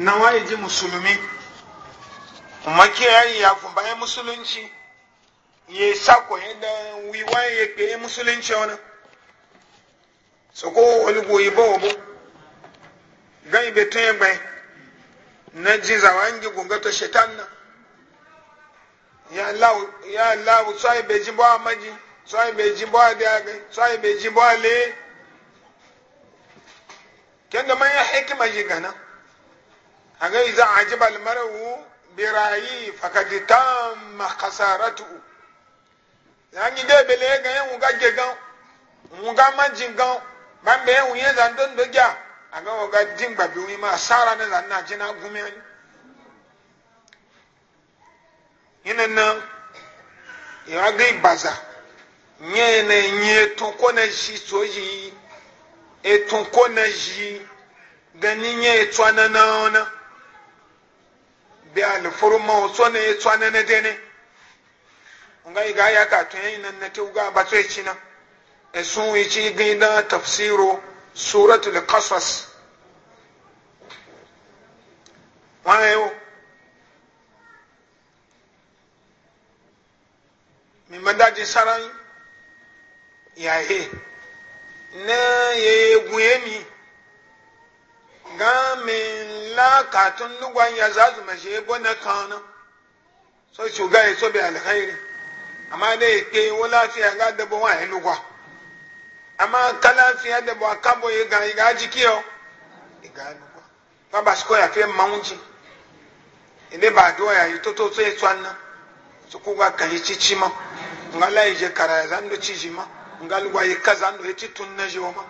na waye ji musulmi makiyayi ya kun bayan musulunci ya sako yadda wiwaye ya ke musulunci wani ko wani goyi ba wabo gan ibe tun ye gbai na ji zawangi gungata shetan na ya lawu tsaye bai ji ba maji tsaye bai ji ba da gai tsaye bai ji ba le kenda da manyan hikima ji gana aga iza ajiba almaru birayi fakad tamma khasaratu zangi de bele ga yen uga gegan uga majin gan ban be yen yen zan don doja aga uga din gbabi wi ma sara na zan na jina gumi ani yinan nan ya ga baza nye nye to ko na shi soji e to ko na ji gani nye to na na na bi alfurma so ne tsana na dene nga iga ya ka to yin nan na te uga ba ci na e sun yi ci ginda tafsiru suratul qasas wayo min mandaji saran yahe na ye ni Gamin lakatun la katun nugon ya za su mashe ebo na kanu so shuga ya sobe alkhairi amma dai ke wo lafiya ga dabo wa ya lugwa amma ka lafiya dabo a kabo ya ga ya jiki yo ga lugwa ba ba su koya fe mawunci ile ba do ya yi to to so ya tsanna su ku ga kai cici ma ngala yi je kara ya zando ciji ma ngalwa yi kaza ndo ya ci tun tunna je ma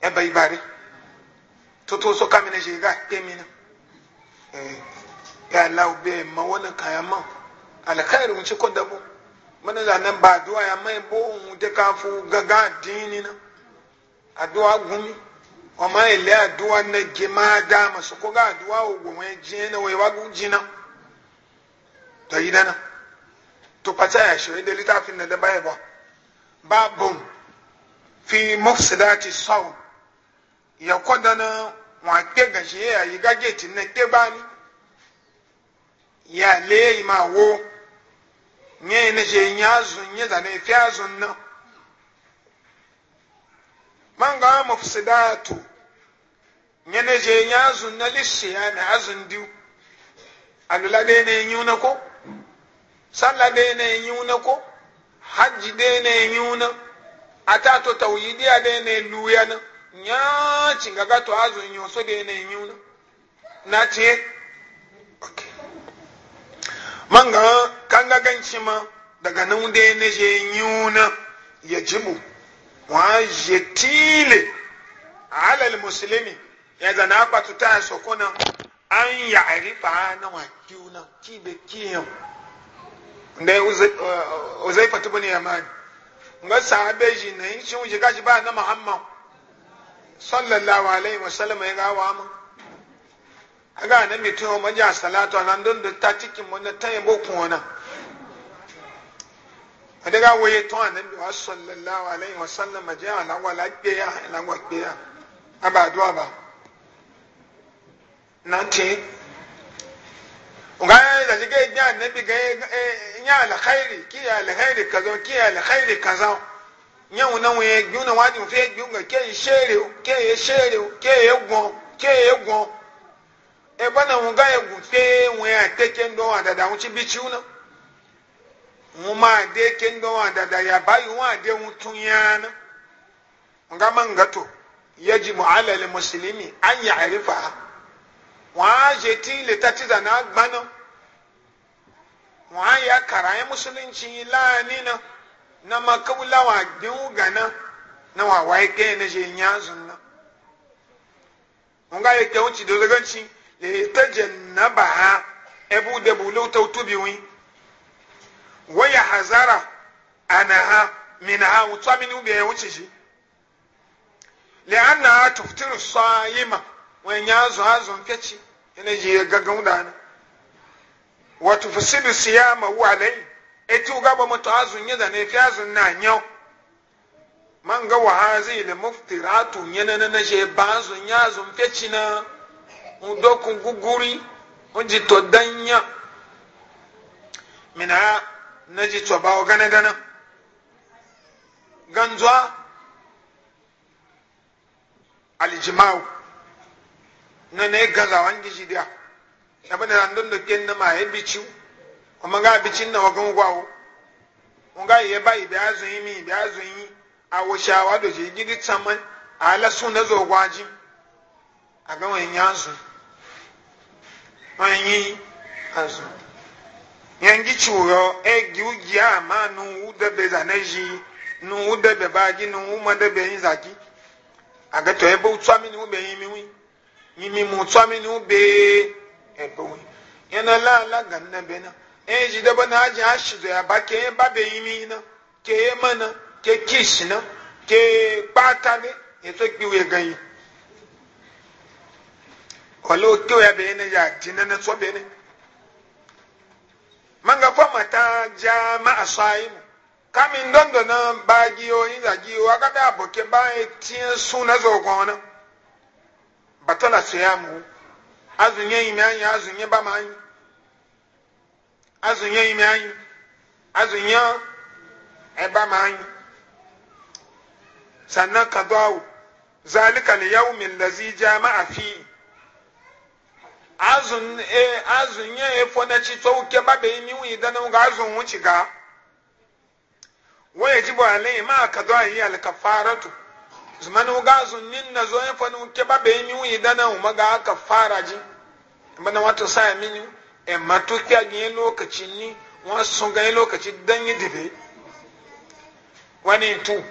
e bai bare tutu so kami na shi ga kemi na eh, ya Allah be ma kayan ma. alkhairu mun ci ko dabo mun da nan ba duwa ya mai bo mu de ka fu gaga dini na aduwa gumi o ma ile aduwa na gima da masu ko ga aduwa o jin jina wai wa gujina to idana to pata ya shi da litafin na da bai ba babun fi mufsidati sawm yɛkɔ dana wɔn akpɛ gasi yɛ ayi gageti ne kpe bani ya le yi ma wo nye ne se nya zu nye zane efi azu na manga amofisidaatu nye ne se nya zu na li se ya ne azu ndiw alula de ne enyiw na ko sallah de ne enyiw na ko hajji de ne enyiw na ataato tawhidiya de ne luya na. nya cingaga to azu nyo so de ne nyu na ce manga kanga gan ma daga nan da ne je nyu na ya jibu wa je tile ala al muslimi ya zana kwa tuta so kuna an ya arifa na wa kiuna kibe kiyan da uzaifa uh, tubuni yamani nga sahabe ji na yin shi wuce gashi ba na muhammad sallallahu alaihi wasallam ya gawa mu aga na mi to ma ja salatu nan don da ta cikin mun ta yi bokun wana adaga waye to annabi wa sallallahu alaihi wasallam ja na wala ya na wa ya aba duwa ba nan te ga da jige ga annabi ga eh, eh, ya alkhairi ki ya alkhairi kazo ki ya alkhairi kazo nye ŋun na ŋun ye gbiw na ŋun adi ŋun fɛ gbiw ŋa ke ye seere o ke ye seere o ke ye gɔn ke ye gɔn e na ŋun ga ye ŋun fɛ ŋun ye ate kendo adada ŋun ti bi tiw na ŋun ma ade kendo ŋun adada ya aba yi ŋun ade ŋun tun yaana ŋun ga ma ŋa to yajibu ala le muslimi anya yaɣari fa ŋun a je ti le ta ti zana gbana ŋun a ya kara ye musulunci laani na. na makaula lawa dinu gana na wa wa ke na je nyazun na onga ye ke ci dole ganci le tajannaba ha ebu de bulu tawtubi wi wa ya hazara ha, minha min ubi ye unchi ji. le anna tuftiru sayima wa nyazu hazun kechi ene je gagawda dana wa tufsidu siyama wa alayhi eti uga ba mutu azun yi zane fi azun na nyau man ga wa hazi le muftiratu nyana na na je ba azun ya azun fe china udokun guguri unji to danya mina na ji to ba o ogana dana ganzwa aljima'u na ne gaza wangi jidiya abin da randun da kenna ma ya biciu ọmọ nga abichin na wagan gwawo nga ye ba ibe azu yi mi ibe azu yi awo shawa do je gidi tsaman ala sun da zo gwaji aga wen enyi wen yi azu yangi churo e giugi a ma nu ude be zaneji nu ude be bagi nu uma de be zaki aga to ebe utsami nu be yi mi wi yi mi mu utsami nu be ebe wi yana la la ganna be na e ji dabo na aji ashido ya ba ke ba be yimi na ke mana ke kish na ke pata ne e so gbi we gan yi wala ke ya be ne ya tinna na so be ne manga fa mata jama asaimu kami ndondo na bagi o inza gi o aka da boke ba e tin sun na zo gona batala siyamu azunye imi anya azunye ba manyi azụnye ime anyị azụnye eba ma anyị sannan ka dawo zalika yawu yawmin lazi jama'a afi azun e azun ye e na ci to ke ba be mi wi dana ga azun wuci ga ji jibo alai ma ka do ayi al kafaratu wu ga azun nin na zo e wu ke ba be mi wi dana ma ga kafara ji bana wato sa mini amma eh, to kya ganyen lokaci ni wọn sun ganyen lokaci dan yi dibe wani tu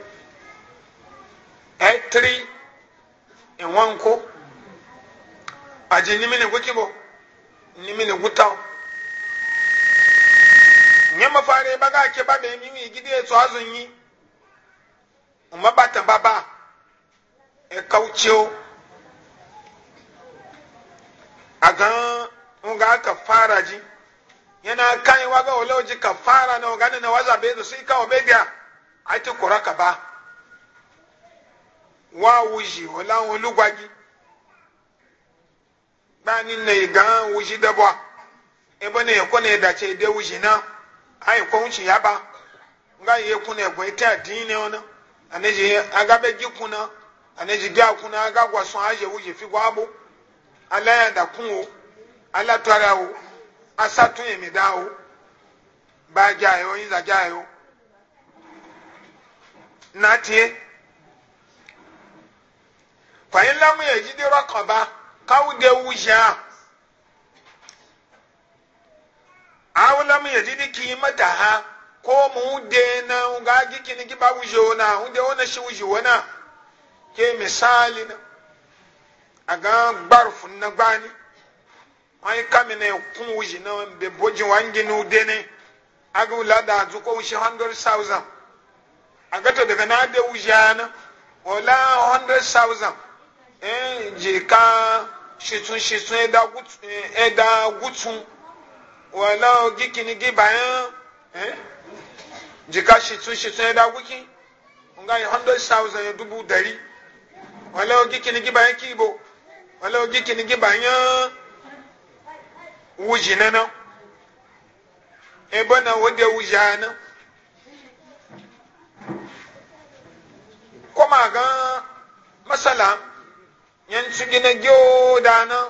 ai eh, tiri in eh, wanko aji nimi ne guki bo nimi ne guta nye mafare baga ke ba da mimi gide so azun yi umma bata baba e kaucewo a gan nga kafara ji yana kan waga wala waje kafara na waga na waza be do sai kawo media ai ti kora ka ba wa wuji wala won lugwagi ba ni na ga wuji da ba ebe na ne ko ne da ce wuji na ai ko wuci ya ba nga ye ku ne go ita din ne ona aneji aga be gi kuna aneji ga kuna aga gwasun aje wuji fi gwabo alaya da kun o alatɔre awo asatu yemi da awo baagya ayo e yinzagya ayo e natie kwanyin lamu yɛ gidi rɔkɔba kawu de wu zia awo lamu yɛ gidi mata ha ko mu de na nga gi kini gi ba wu zi wo na wu de wo na wu zi wo na ke misali na a gan gbarufu na gbani. wani kami ne kun wuji na be boji wangi nu dene aga wula da azu ko wuji 100,000 aga to daga na de wuji ana wala 100,000 eh je ka shitun shitun eda gutun e, eda gutun wala gikini gibayan eh e, je ka shitun shitun eda gukin nga 100,000 ya dubu dari wala gikini gibayan kibo wala gikini gibayan wuji na nan ebe na wadda wuji na kuma ga masala yan gina gyo da na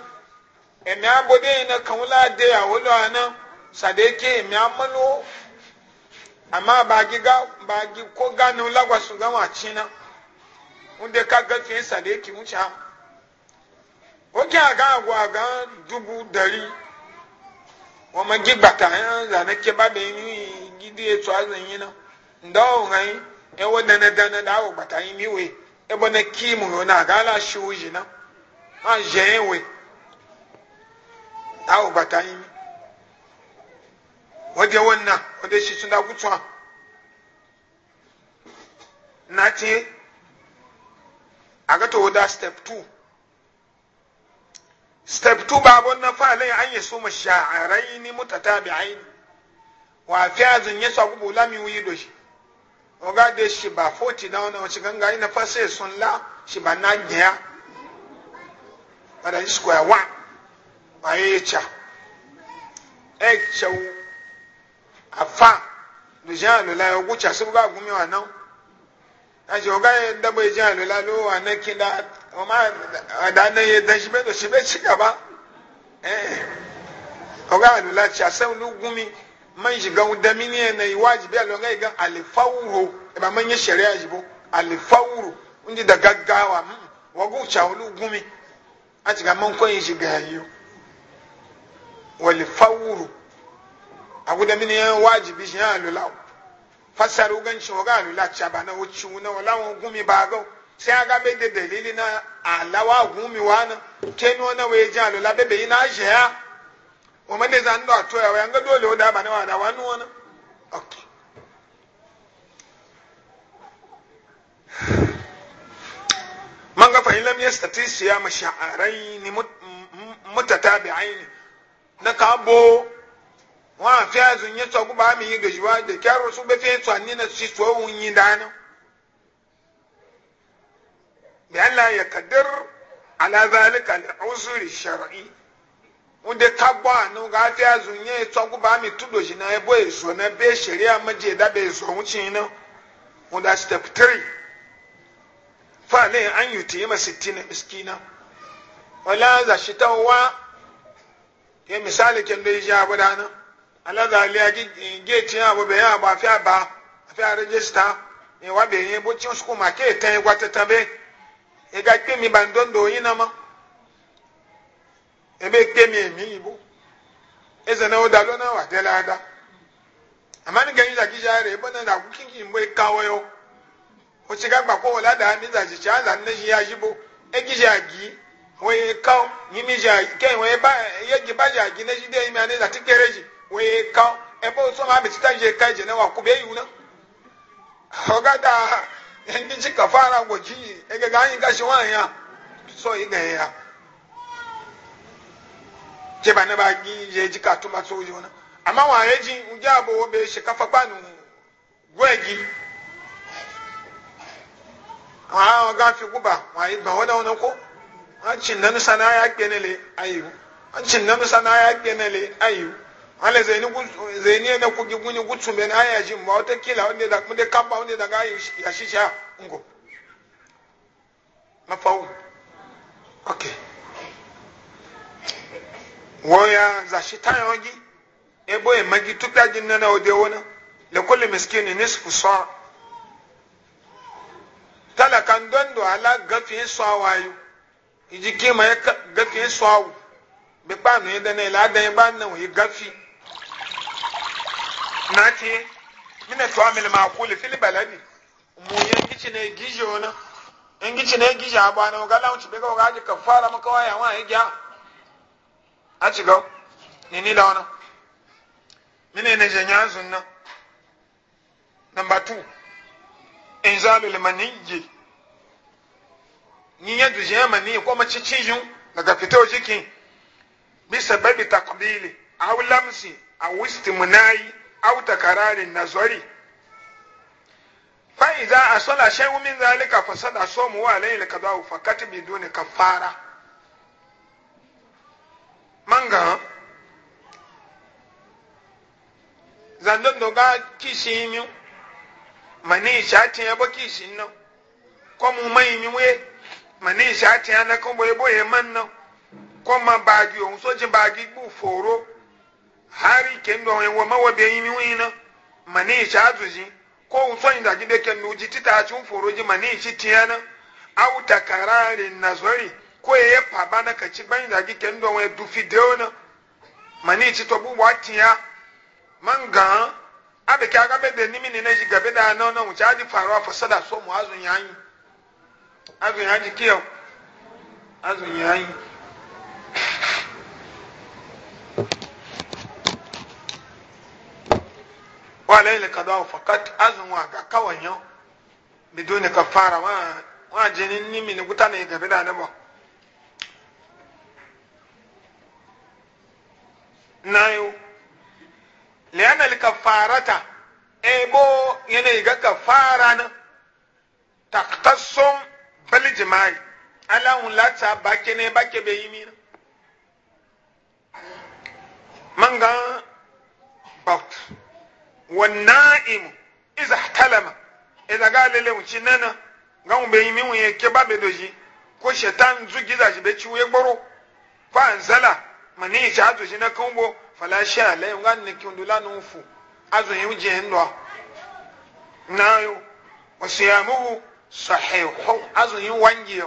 emi abode na kanwula da a wula na sadeke emi amalo amma ba gi ko ganu lagwasu gawa na wanda ka gafe sadeke wuce ha oke aga agwa aga dubu dari wọn ma gye gbata hɛn zane kye ba bɛn yi gidi etu a yi na ndawo hɛn ɛwɔ dana dana da awɔ gbata yi mi we ɛbɔ na kii mu na aga ala si yi na a zɛn we awɔ gbata yi mi wɔde wɔn na wɔde si tunda kutu a step two. step 2 babon na falai ya yi su masha'arai ni mutatabi'ai wa fiyazin ya sa gubu lami wuyi do shi ga de shi ba 40 da wannan wacce ganga ina fa sai sun la shi ba na gya bada ya 1 ayi cha ek chau afa le jan le la ogu cha su ga gumi wa nan aje oga da bai jan le la lo wa na kinda ọmọ àdáná yẹn dán síbẹ̀ lọ síbẹ̀ sí gàba ọgá àlùlá tí asẹ́wọ̀n ló gún mi máa ń yìgá ohun dẹ́mi ní ẹ̀nà ìwádìí bí àlọ́ ọgá yìí gan àlefáwúro ẹ̀bà máa ń yẹ sẹ̀rẹ̀ àyìnbó àlefáwúro ń dídà gágá wa hmm, wọ́n gún ìtsà wọn ló gún mi láti ká máa ń kọ́ yẹn yìgá yìí o wọ́n lè fáwúro àgùdẹ́mi ní ẹ̀yẹn wádìí bí yẹn àlùlá o fásitì àlùgá ń tiẹ̀ ọgá àlùlá tí àbànà ó náà wọ́n sai aga bai da dalili na alawa gumi wani ke nuna wai jan lola bebe yi na shi ya o mande zan da to ya wai ga dole o da ba na wa da wani wani okay man ga fa ilam ya siya ni mutatabi'ain na kabo wa fi azun yi tsogu ba mi yi gajiwa da kyar wasu be fi tsanni na shi tsohon yi dana yàlla yẹ kadir alazali kali usuri shar'i wunde kagbɔ anu nga ati azu nye tɔgu ba mi tu dozi na ebo ezo na be sharia maje da be ezo ŋutsi na wunda step three fale an yuti ma sittina miskina wala shita wa ye misali kendo ija abu dana ala za aliya geti ya abu bayan abu afi aba afi a rejista ne wa bayan ebo cin su tan ega kemi bandondo yinama ebe kemi emi yibo eze na odalo na wa delada amani ganyi za kija re bona da kukinki mbo ikawo e yo o chiga gba ko wala da mi za chicha za ne ya yibo e kija gi we e kawo ni mi ja ke we e ba ye gi ba ja gi ne jide mi ane za tikereji we kawo ebe o so ma bi tita je kai je na wa ku be yuna ogada ndị ji kafara gwoji egega anyị gashi nwaanyị a so ị gaghị ya jeba na ba gi ji ka tuma so na ona amma wa ya ji uje abo be shi kafa kwanu gwegi ah ga fi guba wa yi ba wada wannan ko an cin nan sana ya kenele ayu an cin nan sana ya kenele ayu ala zaini zaini na kugi guni gutsu ben aya ji ma wata kila wanda da mun da kabba wanda da ga ya shisha ngo mafau okay waya za shi ta yongi e boye magi tukda jin na ode wona le kulli miskini nisfu sa tala kan dondo ala gafi sawayu iji kima ma gafi so sawu bi kpanu yadda na ila dan ba nan yi gafi nati mina to amil ma kuli fil baladi mu yan gici ne gijo na in gici ne gijo aba na ga launci be ga ga ji kafara maka waya wa ya gya a ci ga ni ni da wana mina ne janya sunna number 2 inzalul maniyyi ni ya duje mani ko ma cicijin daga fito jikin bisa babi takbili aw lamsi aw istimnai au takararin nazari fa idza asala shay'un min zalika fasada sawmu wa alayhi al-qada'u fa katbi manga zandon do ga kisimi mani shatin ya baki shin no ko mu mai mi we mani shatin ya na ko boye boye man no ko ma bagi on so jin bagi bu foro hari kendo wen wa mawa be yimi wina mane cha zuji ko utsoni da gide ken uji tita ci un foroji mani ci tiyana au takarari nazari ko ye pabana ka ci ban da gi kendo wen du fideona mani ci to bubu atiya manga abe ka ga be de nimi ne ne gabe da na na mu cha di faruwa fasada so mu azun yayi azun yaji kiyo azun yayi wala ile kada fakat azun wa ga kawanyo biduni kafara wa wa jinin nimi ni guta ne gabe da ne ba nayo liana al kafarata ebo yana ga kafara na taqtassum bil jima'i ala un lata bake ne bake be yimi na manga bout والنائم إذا احتلم إذا قال له شنانا قام بيمين ويكبا بدوجي ko shetan zugi za shi beci ya gboro fa nzala mani ya ci azu na kumbo fala ala yau ga ne na azu yi wuje yin na yau azu yi wangi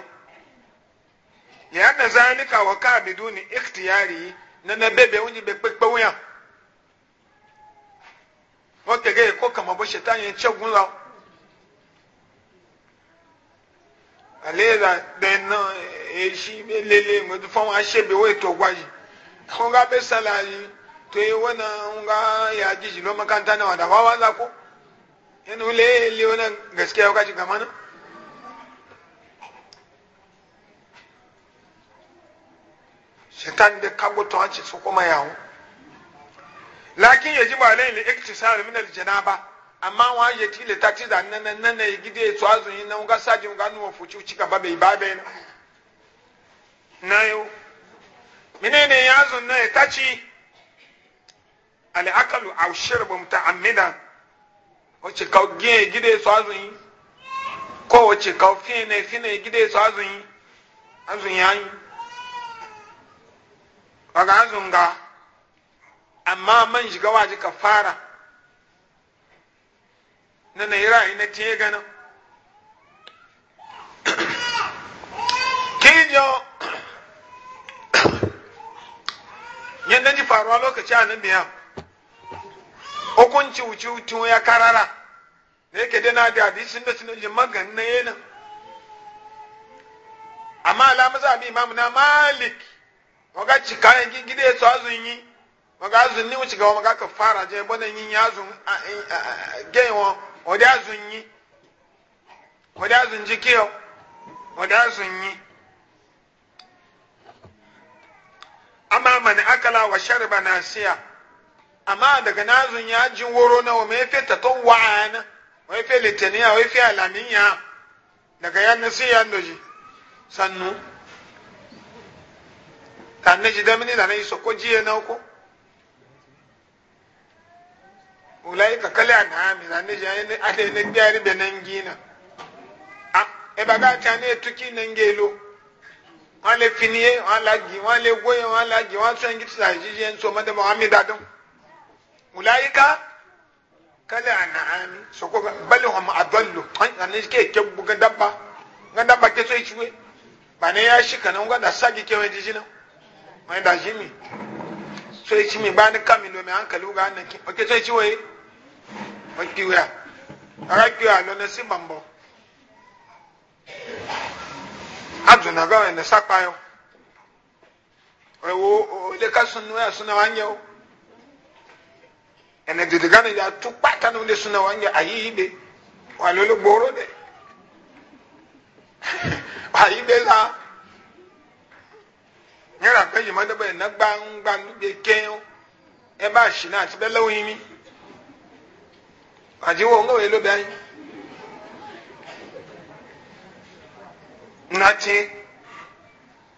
ya wọ́n gẹ̀gẹ́ ko kàmọ́ bó ṣe táyẹn ń ṣẹ́gun lọ. àlẹ́ rà bẹ́ẹ̀ náà èyí lélẹ̀ ìmọ̀tò fáwọn aṣèbẹ̀wò ètò ọgbà yìí wọ́n gá bẹ́ sálà yìí tó yẹ wọ́n náà wọ́n gá yà jíjì lọ́mọ káńtà náà wà dà wá wá lákó yẹnu lé lé wọn náà gàṣíkẹ́ ọkà jù kàmá náà. ṣètàn dé kágbó yà wọ́n. lakin yaji ba lai iktisar min al janaba amma wa ya tile ta ci da nan nan ne gide to azun nan ga saji ga nu fuci ci ka bai babe na yo menene ya zun ne ta ci al akalu aw shirbu muta'ammidan wace ka gide to azun yi ko wace ka fine fine gide to azun yi azun yayi kaga azun ga amma man shiga waje ka fara na na ra'ayi na tiye gana kinjo yadda ji faruwa lokaci a nan biya hukunci wuce wuce ya karara da yake dana da sun da sunan jimagan na yana amma a bi imamu na malik waga cika yankin gida ya yi maga azun ni wuce gawa maga ka fara je bana yin ya azun gaiwa wadda azun yi wadda azun ji kiyo wadda azun yi amma mani akala wa shariba na siya amma daga na azun ya ji woro na wa mefe ta ton wa'ana wa fi litaniya wa fi alamiya daga yan nasiya ndoji sannu ta ne ji damini da na yi ko jiye na uku ulai ka kala na mi na ne jani ne ale ne gbiari be na gina a e ba ga ta ne tuki ne ngelo wan le finie wan la gi wan le wo wan la gi wan san gi tsa ji jen so ma de muhammed adam ulai ka kala na ami so ko bal hum adallu an na ne ke ke bu ga dabba ga dabba ke so ichwe ba ne ya shi kana ga da sagi ke wa jijina mai da jimi so ichi mi ba ne kamilo mi an kalu ga an ne ke so ichwe wakiwa agakiwa alona si bambɔ adzona gawo ene sakpayɔ ewo ole ka sunu ya suna wa nyɛ o ene na gana ya tu kpata na ole suna wa nyɛ ayi ibe wa lolo gboro de ayi be la nyɛ la pe yi ma de be ene gbangba de keŋ ebe asi na ati be lewo yi mi. àjíwọ̀ ń gbọ̀wé lóbi ayé na ce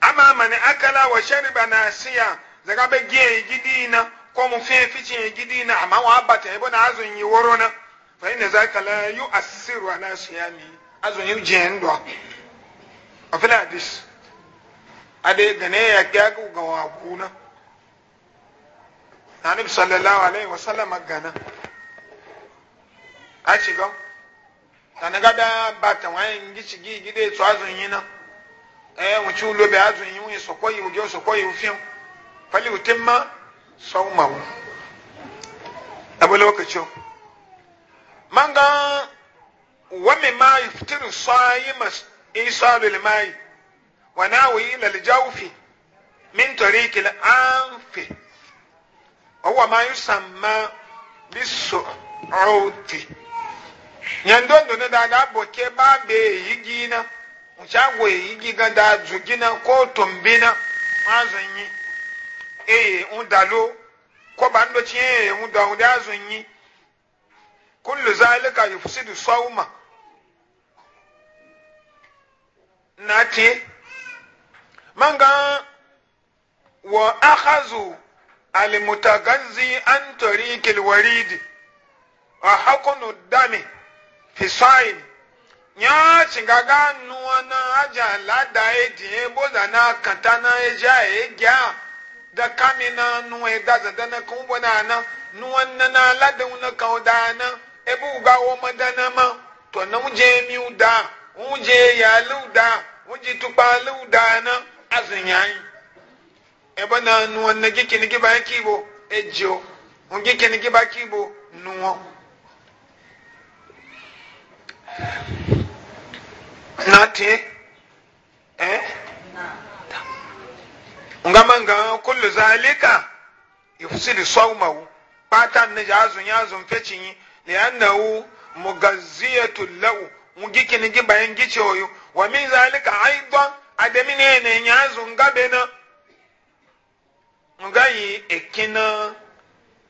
ama mani akala wa shariba na siya zaga be giye gidi na ko mu fe fici gidina, na amma wa bata yabo na azun yi woro na fa ina zaka la yu asiru ana siyami azun yi jendo afila dis ade gane ya gagu ga wa kuna nabi sallallahu alaihi wasallam gana a ci gan tani ga da ba ta wani gici gi gide su azun yi na eh mu ci ulo be azun yi mu so koyi mu je so koyi mu fim fali utin ma sau ma mu abu anyị man ga wani ma yuftiru sa'i mas isa lulmai wa nawi lal jawfi min tariqi al anfi wa huwa ma yusamma bis su'uti nyandondo ne da boke ba be yigi na ncha e yigi ga da zugi na ko tombi na mazun yi eh undalo ko ba ndo chi eh unda unda azun yi kullu zalika yufsidu sawma nati manga wa akhazu al mutagazzi an tariqil warid wa hakunu dami hisaid ya chinga ganuwa na aja lada na kanta na da kami na nuwa eda zada na na na nuwa na na lada na da na ebe uga na ma to na uje mi uda uje ya luda uje luda na azin ebe na nuwa na giba kibo ejo giba kibo nuwa nati eh ngama nga kullu zalika yufsidu sawmahu patan ne jazu nyazu mfechinyi liannahu mugazziyatu lahu mugiki ni gibayen gice oyo wa min zalika aidan ademi ne ne nyazu ngabe na ngayi ekina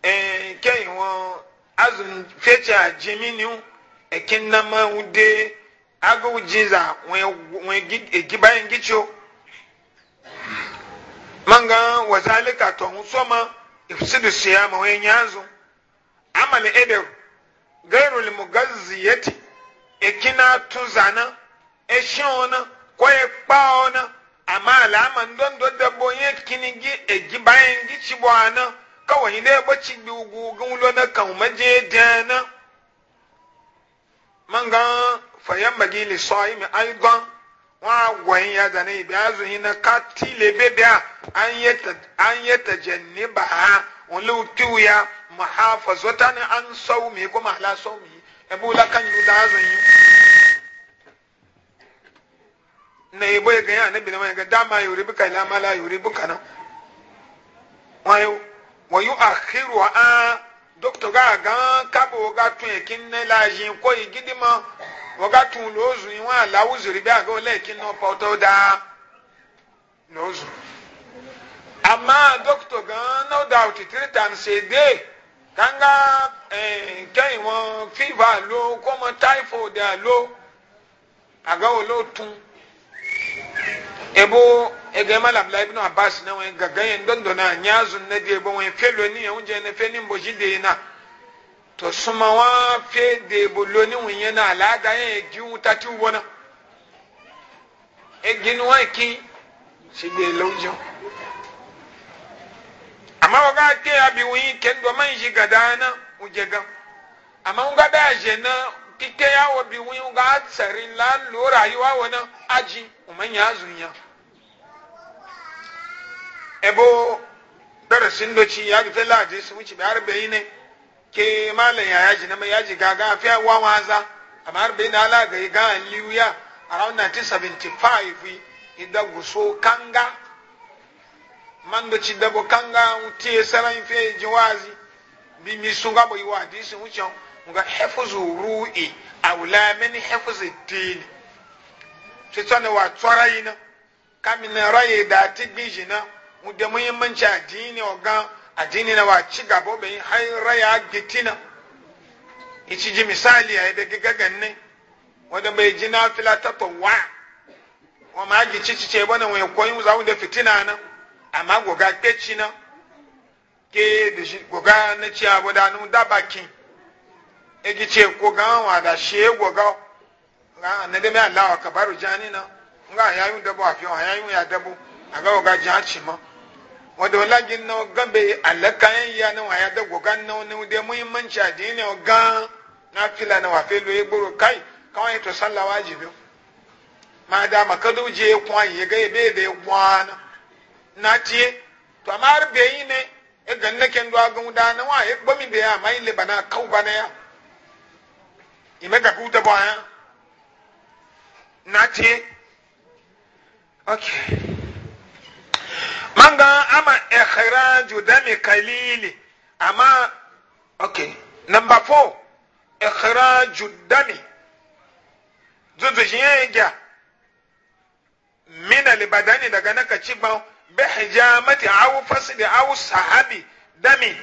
eh keyin won azun fecha jiminiu ekin na ma ude aga ujiza egi bayan gicho manga wazalika to soma ifsidu siyama wa nyazo amal ebe gairu limugazziyati ekina tuzana eshona ko e paona amala aman don do dabo yekini gi egi bayan gichi bwana kawai ne bacci bi ugu na kan maje na. manga fayan bagi li sa'imi aidan wa gwayin ya zane bi azuhi na kati lebe biya an yata an yata janniba ha wulu tiya muhafazatan an sawmi kuma ala sawmi ebu la kan yu da azuhi na ibo ga ya nabi na ga dama yuri buka la mala yuri buka na wayo wayu akhiru a doctor gan kabo ga tun ekin ne la yin ko igidi mo wo ga tun lo zu yin wa la uzuri bi aga ole ekin no pa to da no zu amma doctor gan no doubt three times a day kanga eh kai won fever lo ko mo typhoid lo aga ole tun ebo ege malam la ibnu abbas na wen gagayen dondo na nyazu na de bo wen felo ni yun je ne fe ni mbo jide na to suma wa fe de bo ni wun yen na ala ga yen egi un ta ti wona egi ni wa ki si de lo jo amma wa ga ke abi wun ken do man ji gadana un je ga amma un ga da je na kike ya wa bi wun ga tsari lan lo rayuwa wona aji umanya zunya ebo darasin doci ya fita laji su wuce biyar bayi ne ke malam ya yaji na mai yaji gaga fiya wa waza amma har bayi na ala ga yi ga aliyu ya around 1975 ida guso kanga man doci dabo kanga tiye saran fiye wazi bi mi sun gabo yi wa hadisin wuce nga hefuzu ru'i awla min hefuzu dini sai tsane wa tsara yi na kamin raye da tigbin shi na da muhimmanci addini ogan addini na wa ci gaba bai har raya gitina ici ji misali a yadda giga ganne wanda bai ji na fila ta wa ma gi ci ci ce bana wani koyi za da fitina na amma goga keci na ke da shi goga na ci abu da nun da bakin e gi ce ko ga wa da she goga ga na da mai Allah ka baro jani na nga yayun a afiyo yayun ya dabo aga goga ji ha ci ma wadda wala gin na kan alakayen ya na waya da gogan na wani de muhimmanci addini gan na fila na wafe loye gboro kai kawai to sallah wajibi ma da makadu je kwan ye ga ebe da kwana na tie to amar be yi ne e gan na ken do agun da na wa e gbomi be ya mai le bana kau bana ya ime ga ku ta ba ya na ye okay manga ama ikhraju dami kalili ama okay number 4 ikhraju dami zuzu jiya min badani daga naka ciba bi hijamati aw fasli aw sahabi dami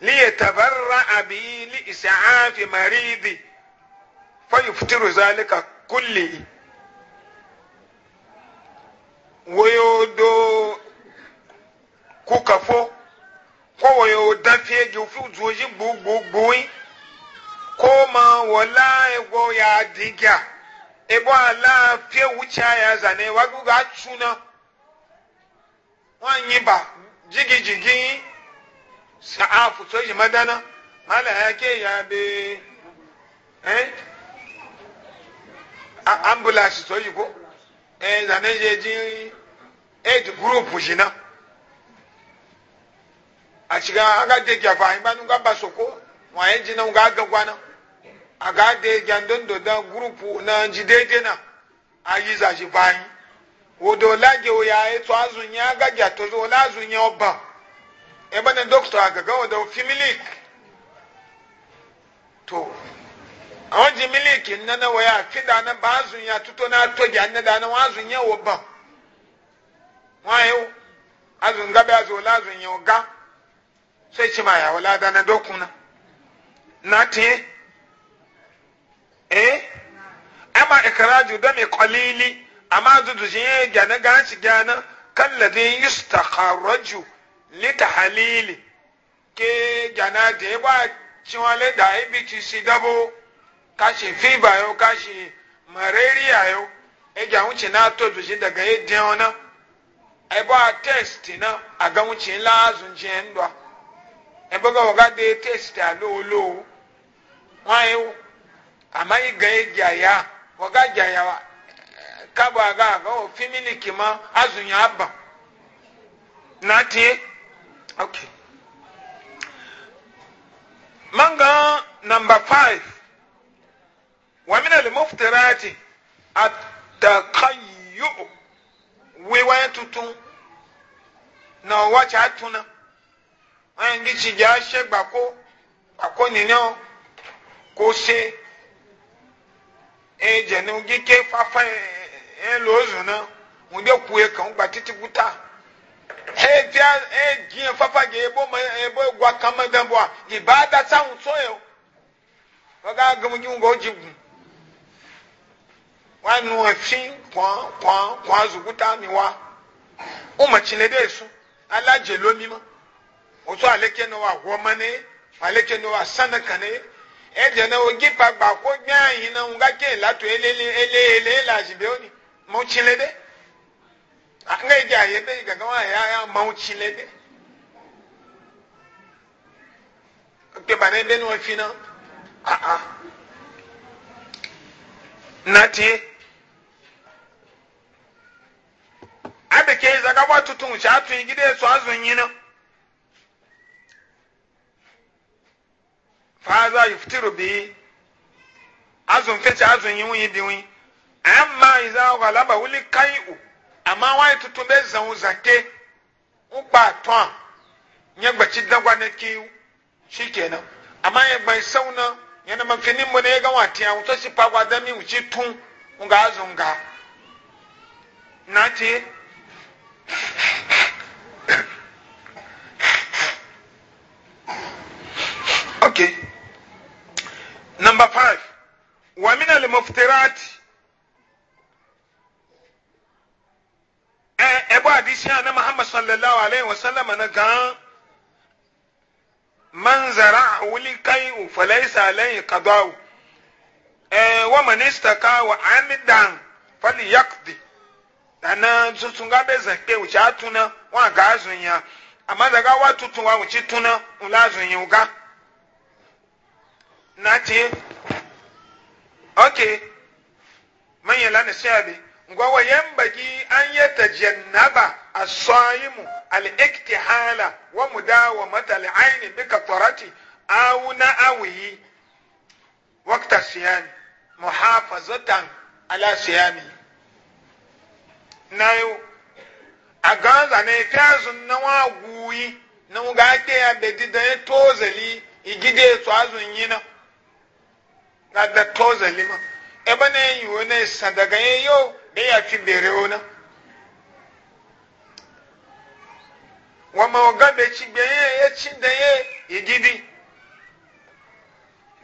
li yatabarra bi li is'afi maridi fa yuftiru zalika kulli wayo ku kafo ko wayo da fiye ji fi zoji gbogbogboi ko ma wala ego ya digya ebo ala fiye wuce ya zane wa guga tuna wọn yi ba jigijigi sa'afu to yi madana mala ya ke ya be eh ambulance to yi ko eh zane je ji aid eh, group jina. na a shiga aga de gya fa ba nuga ba soko wa yin jina ga ga gwana aga de gya ndondo da group na jide na a yi za shi fa yin wodo o ya e to azun ya ga gya to zo la azun ya oba e ba ne doctor aga ga wodo fimilik to awon ji miliki nana waya fida na ba azun ya tuto na to gya na da na wa azun ya oba wa yo azun ga ba zo la azun ya oga so ya ce ma ya wala da na dokuna na tiye eh ama ikraju da mai kwalili amma dudujin ya gyana gashi gyana kan ladin yustakharaju li tahlili ke gyana da ba cinwale da ibi ci si dabo kashi fiba yau kashi malaria yau e gya wuce na to dujin daga yadda yana ai ba test na a wuce lazun jiyan duwa eboga oga de testi alowolowo nwanyi amaghị ga egya ya oga gya ya kabo aga aga o fimiliki ma azụnye aba na tie okay lemo number 5 ومن المفترات التقيؤ ويوان na نو واتش عتونا wọn ngi tsi dza se gbako gbako nina ko se eye dze ne ngi ke fafa eye e lo zu na ŋun de kue kan gba titi kuta eye fia eye diɛ fafa dze ebo me ebo egua kan me boa iba da sa ŋun tso ye o woga dzi gu wa efi e kwan kwan kwan zu kuta mi wa wo me tsi le de esu ala dze lomi ma. wotu aleke no wa wɔmɔ ne aleke no wa sanaka ne ɛdiɛ e na wo gipa gba ko gbɛɛ yin na nga ke lato elele elele la zibe oni mɔ tsile de nga yi di aye be gaga wa ya ya mɔ tsile de kpe ba ne be ne wo fi na aa nati abe ke zaka wa tutun sa tun gide so azun yin na. faza yuftiru bi azun fece azun yi wuyi diwi amma iza ghalaba wuli kai'u amma wai tutu be zan zake u ba ton nye gbaci dagwa ne ki shikenan amma ya gbai sauna yana mafini mu ne ga wati an to shi pagwa da mi uci tun nga azun ga na okay number five wa min al muftirat eh ebo hadisi na muhammad sallallahu alaihi wasallam na gan manzara zara wuli kai falaisa alaihi qada'u eh, wa man ka wa amidan fali yaqdi dana tutun ga be zake ucha tuna wa ga azunya amma daga wa tutun wa uchi tuna ulazun ga. na ce ok man yala na shabe gwawa yan bagi an yi ta jannaba a sayimu al'iktihala wa mu dawa mata al'aini bi farati, awu na awuyi wakta siyami muhafazatan ala siyami na yau a Gaza na ife azun na wa guyi na wuga ake ya bedi da ya tozali igide su azun yi n'a da tɔzan lima ebe na yi wani na san daga ye ya fi bere wo wa ma oga be ci gbe ya ci da yi gidi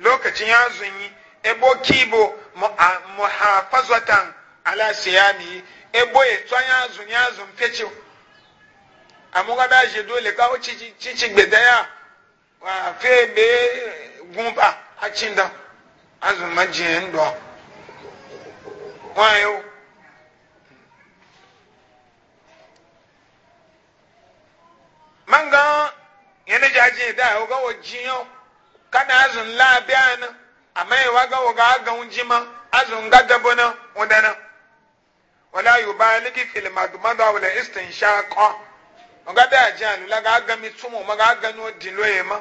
lokacin ya zunyi ebo kibo muhafazatan ala siyami ebo ya twa ya zun ya zun fece amuga da je dole ka o ci ci gbedaya wa fe be gumba a cinda azuma jiyan dɔ wɔn yewo manga yana jaji da ya ga wajen yau kana azun labiya na amma yawa ga waga ga jima azun ga dabo na wadana wala yubaliki fil madmada wala istinshaqa ga da jan la ga ga mi tumu ma ga ga no diloye ma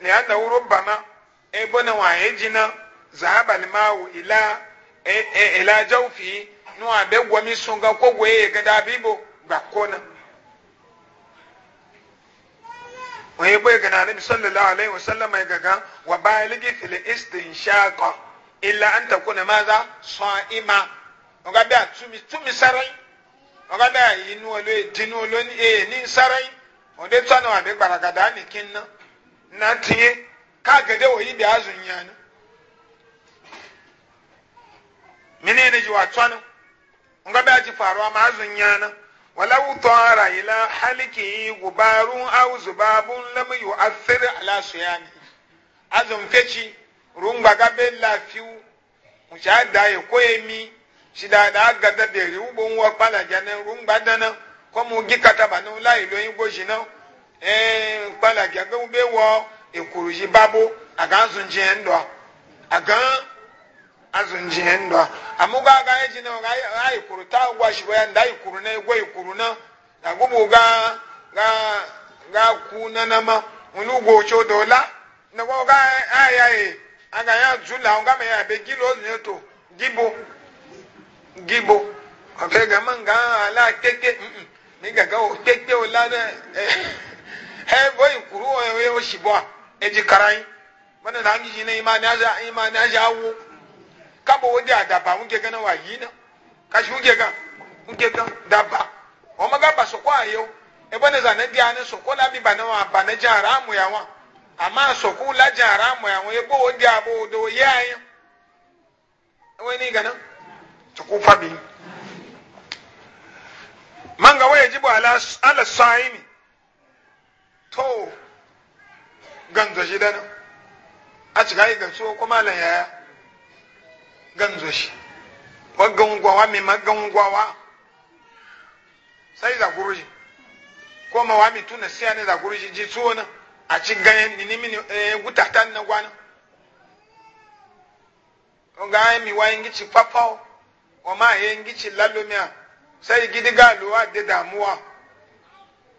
ne anda urubana e bona wa ejina zahaba limawu ila e, e, ila jawfi nu abe gwami sunga ko goye ga da bibo ba kona wani bai ga nabi sallallahu alaihi wasallam mai gaga wa baligi fil istinshaqa illa an takuna maza sa'ima oga bi atumi tumi sarai o oga bi inu olo etinu olo ni e ni sarai onde tsano abe gbaragada ni kinna na tiye ka gade wo yi bi azun yana mene ne ji wa tsanu nga ba ji faruwa ma azun yana walau tara ila haliki gubarun aw zubabun lam yu'athir ala siyami azun feci rungba ga be fiu mu sha ye ko emi shi da da ga da be ri ubon wa pala jana rungba dana ko mu gi kata ba nu lai lo yin go jina eh pala ga be wo ekuruji babo aga azun je ndo aga azun jihen do amuga ga yaji na ga ai kuru ta gwa shi bayan dai kuru na gwa kuru na da gubu ga ga ga ku na na ma unu go cho dola na go ga ai ai aga ya jula nga me ya be gilo ne to gibo gibo afe ga man ga ala keke ni ga ga o keke la na eh, he boy kuru o yo shi bo e anyị. karai mana na ngi ne imani aja imani aja awu kabo wo dia daba ŋudze na wa yi na kasi ŋudze gan ŋudze gan daba wɔn ma ga ba sɔkɔ ayewo ebe ne zane dia ne sɔkɔ la bi ba ne wa ba ne dze ara amu ya wa ama sɔkɔ la dze ara amu ya wa ebo wo dia bo wo do wo ye anyi ewe ni gana sɔkɔ fa bi manga wo yejibu ala ala saimi to ganzo shi dana a cika yi ganso kuma lan ganzoshi waggan gwawa mai maggan gwawa sai za kuruji ko ma wa mitu na siya ne za kuruji ji tuwo na a ci ganyen nini mini eh, guta ta na gwana o ga mi wa yin gici papaw o ma yin gici lalomiya sai gidi galuwa da damuwa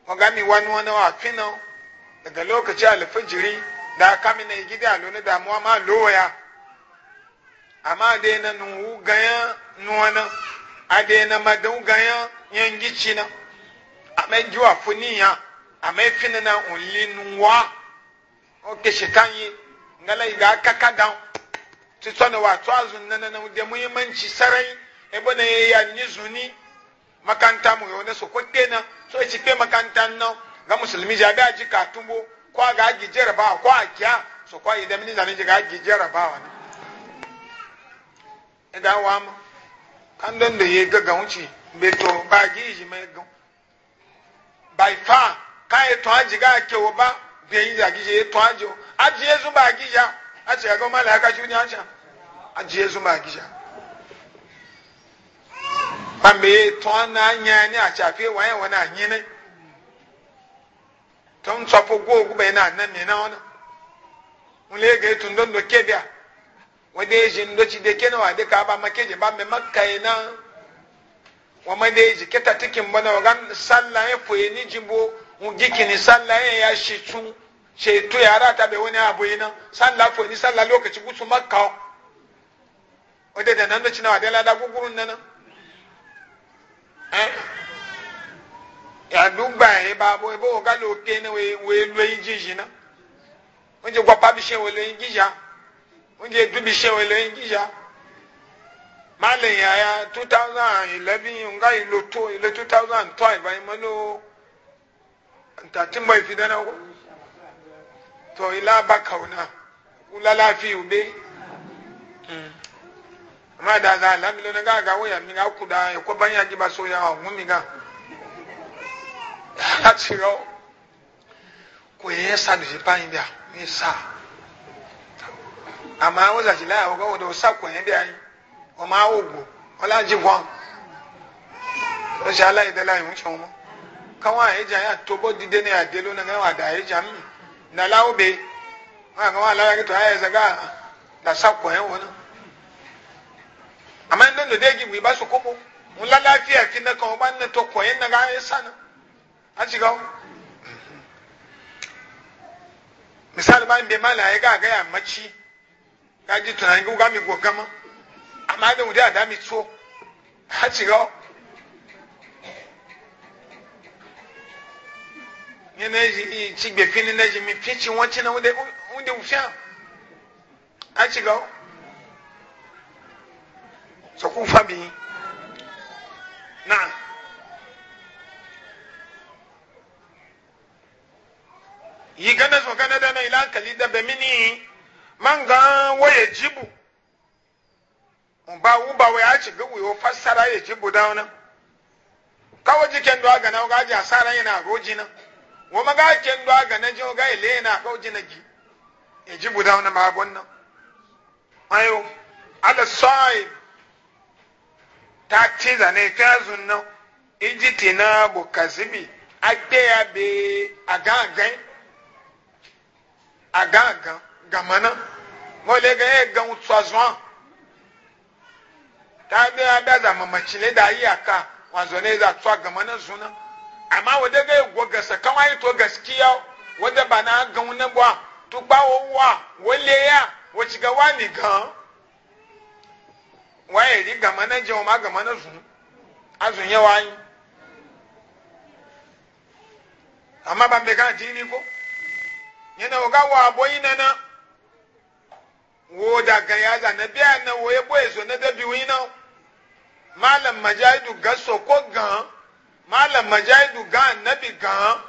o ga mi wani wani wa fina daga lokaci alfajiri da kamina gidi alo na damuwa ma ya. amma a daina nuwu ganya nuwa na daina madu madan ganya yangi ci na amma jiwa funi ya amma na unli nuwa o ke shetan yi ngala iga kaka dan ti tsona wa to azun na na de muhimmanci sarai e na ya ni zuni makanta mu yo ne so ko na so ci pe makanta no ga musulmi ja ga ji katumbo ko ga gi jarabawa ko akiya so ko idan ni zani ga gi ba wani da wa ma kan don da ya ga gaunci bai to ba gi ji mai gaun by far ka e to aji ga ke wo ba yi ya gije to o aji yezu ba gija a ce ga mala ka shi ne an sha aji yezu ba gija ba me to na nya ne a chafe wa yan wani anyi ne ton tsopo go go na na me na ona mun le ga tun don do bia. wanda ji ndoci da kene wa dika ba make je ba me makkai na wa ma da ji keta tikin bana wa gan sallah ya foye ni jibo mu gikini sallah ya ya shi tu she tu ya rata be wani abu ina sallah foye ni sallah lokaci gusu makka wanda da nan ndoci na wa da lada gugurun nan eh ya dugba e ba bo e bo ga gano kene na we lo yi jiji na wanda gwa pa bi she we lo yi jiji wunde dubi shewe le njija male ya ya 2011 nga ilo to ile 2012 ba imalo ntatimba ifidana ko to ila bakauna ulala fi ube mm. amma da za la milo nga ga waya mi ga kuda ko banya ji ba so ya mu mi ga atiro ko yesa du jipa india mi sa àmọ́ àwọn ọ̀sàtì láyà wọ́n kọ́wọ́n tó sàkó yẹn bí ayé wọ́n máa wò gbò wọ́n láti wọ́n ó ṣe aláìdẹ́ láyé ń ṣe wọn káwọn àyèjà yà tó bó dídé ní àdé lónà náà wà dá àyèjà mí nàláwó be wọn àgbọn alára kí tó ayé ẹsẹ gáà là sàkó yẹn wọn so misali ba mbe ya ga ya ka ji tunanin ga ga mi go kama amma da wuda da mi tso, ha ci ga ni na ji ci gbe fini na ji mi fi ci won ci na wuda wuda ufiya ha ci ga so ku fa bi na'am yi gana so gana dana ila kali da be mini manga waye jibu ba wuba wai aci ya yo fassara ya jibu da ka kawai ji do aga na ga ji asara na roji na wo ma ken do aga na ji jo ga ile na ga oji na ji ya jibu da wannan ma wannan ayo ala sai ta na zane ta zunna ijiti na bu kazibi agbe ya be agagan agan. gamana na ngole ga e gan tsazwa ta be ada za mama chile da yi aka wanzo ne za tswa gamana zuna amma wada ga e go gasa kan wai to gaskiya wode bana na gan na ba to ba wa wale ya ci ga ni gan waye ri gamana na je ma gamana na zuna azun ya wani amma ban be ga ni ko yana ga wa na na wo da ya za na biya na wo ya boye so na dabi wi na malam majaidu ga so ko gan malam majaidu ga bi gan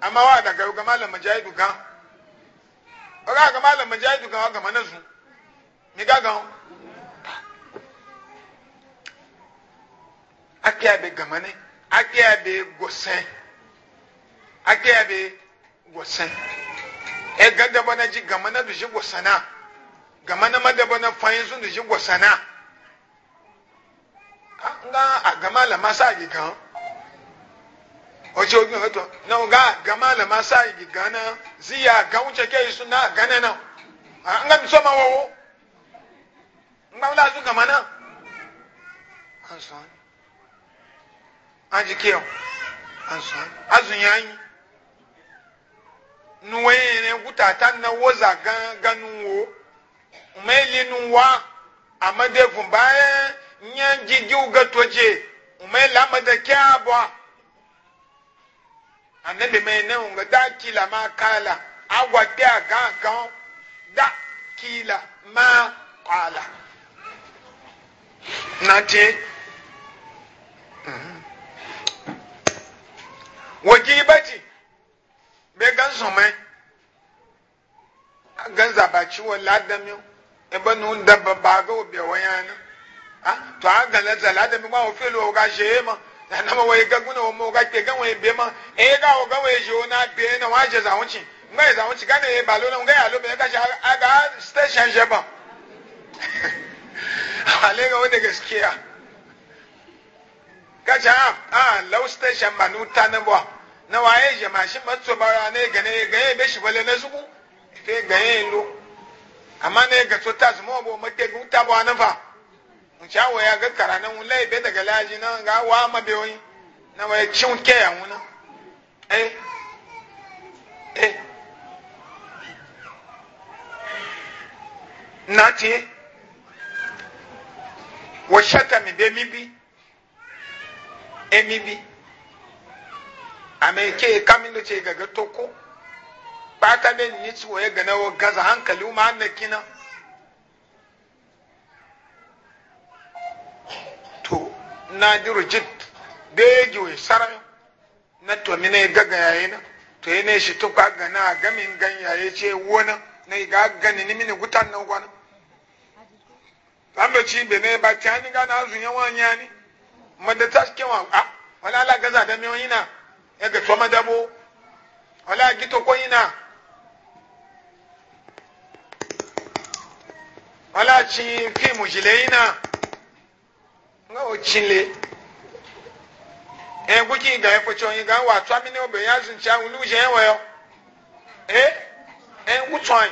amma wa da ga malam majaidu gan o ga malam majaidu gan ga manan su mi ga gan ake abe gamane ake abe gosen ake abe gosen e ganda bana ji gamana du ji gosana game na madaba na fayin sun da shi gwasana nga a gama la masa yi gan ojo ogun hoto na nga gama la masa yi gan na ziya ga wuce ke su na gana na nga mi so ma wo nga la su gama na an san an ji kiyo an san azun yayi nuwe ne gutata na woza gan ganun ganuwo umeli nuwa amade gumbaye nye jiji ugatoje umeli amade kyabwa anabi mai ne unga da kila ma kala awa te aga gan da kila ma kala na ce wajibaci bai gan ganza ba ciwon ladamin ebe nun dabba ba ga obe e e e A to a gan lẹsẹ ládẹmi wọn òfin lu ọgá ṣe é mọ nànàmọ wọn yìí gángun náà wọn mọ ọgá pé gánwọn ebè mọ èyí ká ọgá wọn èyí wọn náà bè é náà wọn àjẹ zàwọn tì nga yìí zàwọn tì gánà yìí bàlọ́ náà nga yà lóbi ẹ̀ka ṣe station ṣe bọ̀ àlẹ́ kan ó dẹ̀ gẹ̀sìkì yà kàṣà à station mà ní ta ní bọ̀ náà wọ́n ayé yẹ̀ màṣí mọ́tò bá wà ní gẹ̀nẹ́ gẹ̀nẹ́ ebè shi wọlé ní sukùn. fe ganyen lo amma ne ga so ta zuma bo make gu ta ba nan fa mun cha wa ya ga karanan mun lai be daga laji na ga wa ma be wani na wa cin ke ya mun eh eh na ti wa shaka mi be mi bi e bi ame ke kamilo ce gaga toko kpata be ni ci waye gana wa gaza hankali ma an kina to na ji rujit da ya ji wai sara na to mine ya ga yayi na to ya ne shi tukwa ga a gamin gan yaye ce wona na ga gani ni mini gutan na gwana lamba ci be ne ba ta ni na azu yan ya ni da ta cikin wa a wala ala gaza da mewa yana ya ga to madabo wala gito ko yana wala ci fimu jileina nga o cinle e guki ga e pocho yin ga wa twa mi ne obe ya zin cha ulu je we yo e eh, e eh, utwan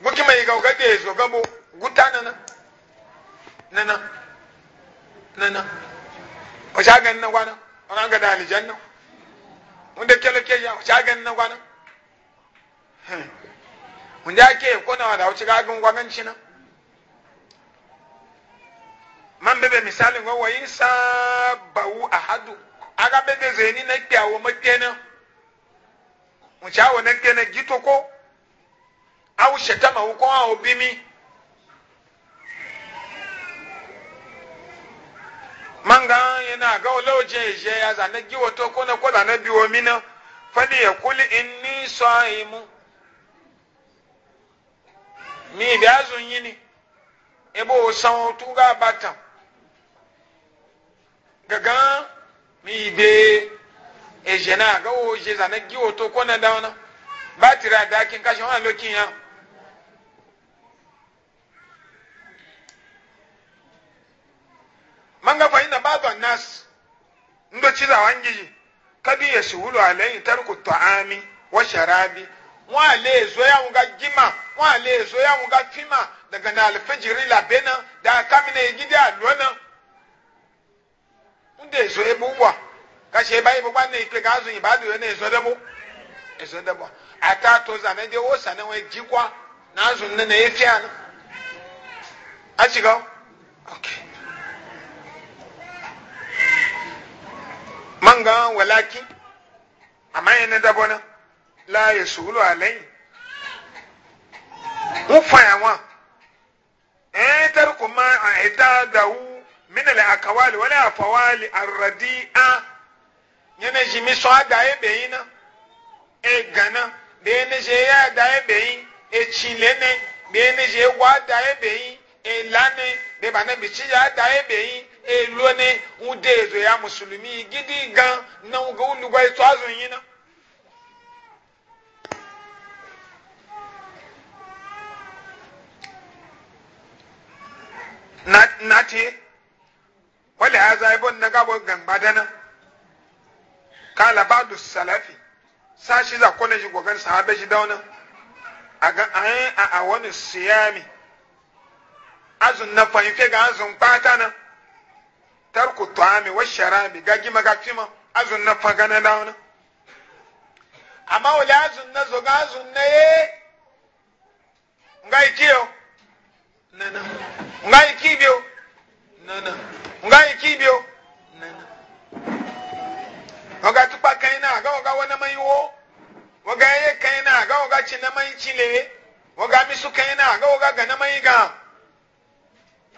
guki mai ga ga de zo ga bo guta nana nana nana o sha ga nna gwana ona ga da aljanna mun da kele ke ya o sha ga nna gwana hmm. wunde ake kona da wuce gagan gwaganci nan man bebe misalin wa wayin sabawu ahadu aga bebe zeni na kyawo makena wuce awo na kena gito ko awu shetama ko awo bimi man ga yana ga lauje je ya zane giwo to ko na ko na biwo mina fani ya kuli inni sa'imu mi bi azụ ni ebe o san tu ga bata gaga mi be ejena ga o je za na gi o to ko na da na batiri ada kin ka shon lo kin ya manga fa ina ba don nas ndo ka za wangi kabi yasulu alayhi tarku ta'ami wa sharabi wọn àlè èso yà wọn ga jimá wọn àlè èso yà wọn ga fímà daga na alifajiri labe e na da kamina yi gidi na n de kasi ata de o na na láàyè sùúrù àlẹ́yìn wọ́n fàyà wọn ẹ̀ẹ́n tẹ́rù kò máa ẹ̀dá dàwú mínàlẹ̀ àkàwálì wọlé àfọwálì àrùràdí á nyẹ́ ní jìmí sọ àgbà ẹ̀bẹ̀yìn náà ẹ̀ gànà bẹ́ẹ̀ ní jẹ́ ẹ̀yà àgbà ẹ̀bẹ̀yìn ẹ̀kyìn lẹ́nẹ̀ bẹ́ẹ̀ ní jẹ́ ẹ̀wọ̀ àgbà ẹ̀bẹ̀yìn ẹ̀lánì bẹ́ẹ̀ bá náà bìkyí yà àgbà ẹ̀bẹ̀yìn ẹ̀lónì ń dé èzò yà mùsùlùmí gidi gan náà ń gbọ́ olùgbà ètò yìí náà. na wale ya zai bon na gabo gamba da kala badu salafi shi za kone shi gogan sahabe shi dauna a ga ayin a a wani siyami azun na fahimfe ga azun bata nan tarku tuami wa sharami ga gima ga fima azun na fagana dauna amma wale azun na zo ga azun na ye ngai kiyo nana ngai kibio nana ngai kibio nana waga kaina ga waga wana mai wo waga ye kaina ga waga cina mai cile waga misu kaina ga waga ga mai ga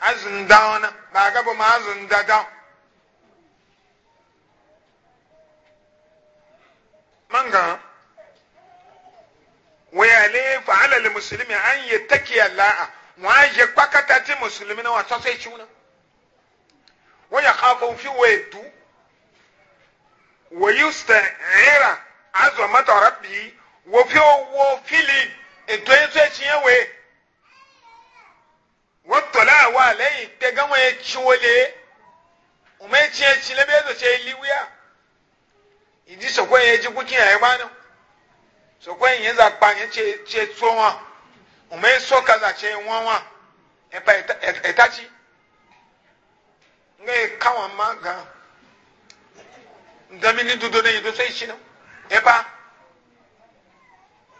azun dawana ba ga ba ma azun da da manga wayale fa alal muslimi an yattaki la'a wọn á yẹ kpákátá tí mùsùlùmí náà wọn sọsọ ìṣú náà wọn yà káfọ òfin wọ èdú wòyí sẹ ẹ̀ẹ́rà azọ mẹtọrọ bì í wòfin owó fílì ètò ètò ìṣìyẹn wẹ̀ wọ́n tọ̀lá wa lẹ́yìn tẹ́gánwó ẹ̀ṣin wọlé ọmọ ẹ̀ṣin ẹ̀ṣin lẹ́bí ẹ̀ṣin ṣe liwia ìdí sọ̀kọ́ yẹn ẹ̀ṣin kúkí ẹ̀ ẹ̀ bá náà sọ̀kọ́ yẹn yẹn zà pa yẹn ṣe tó wọn ume so kaza ce nwanwa epa etachi nga kawa ma ga ndamini dudu ne yido sai shino epa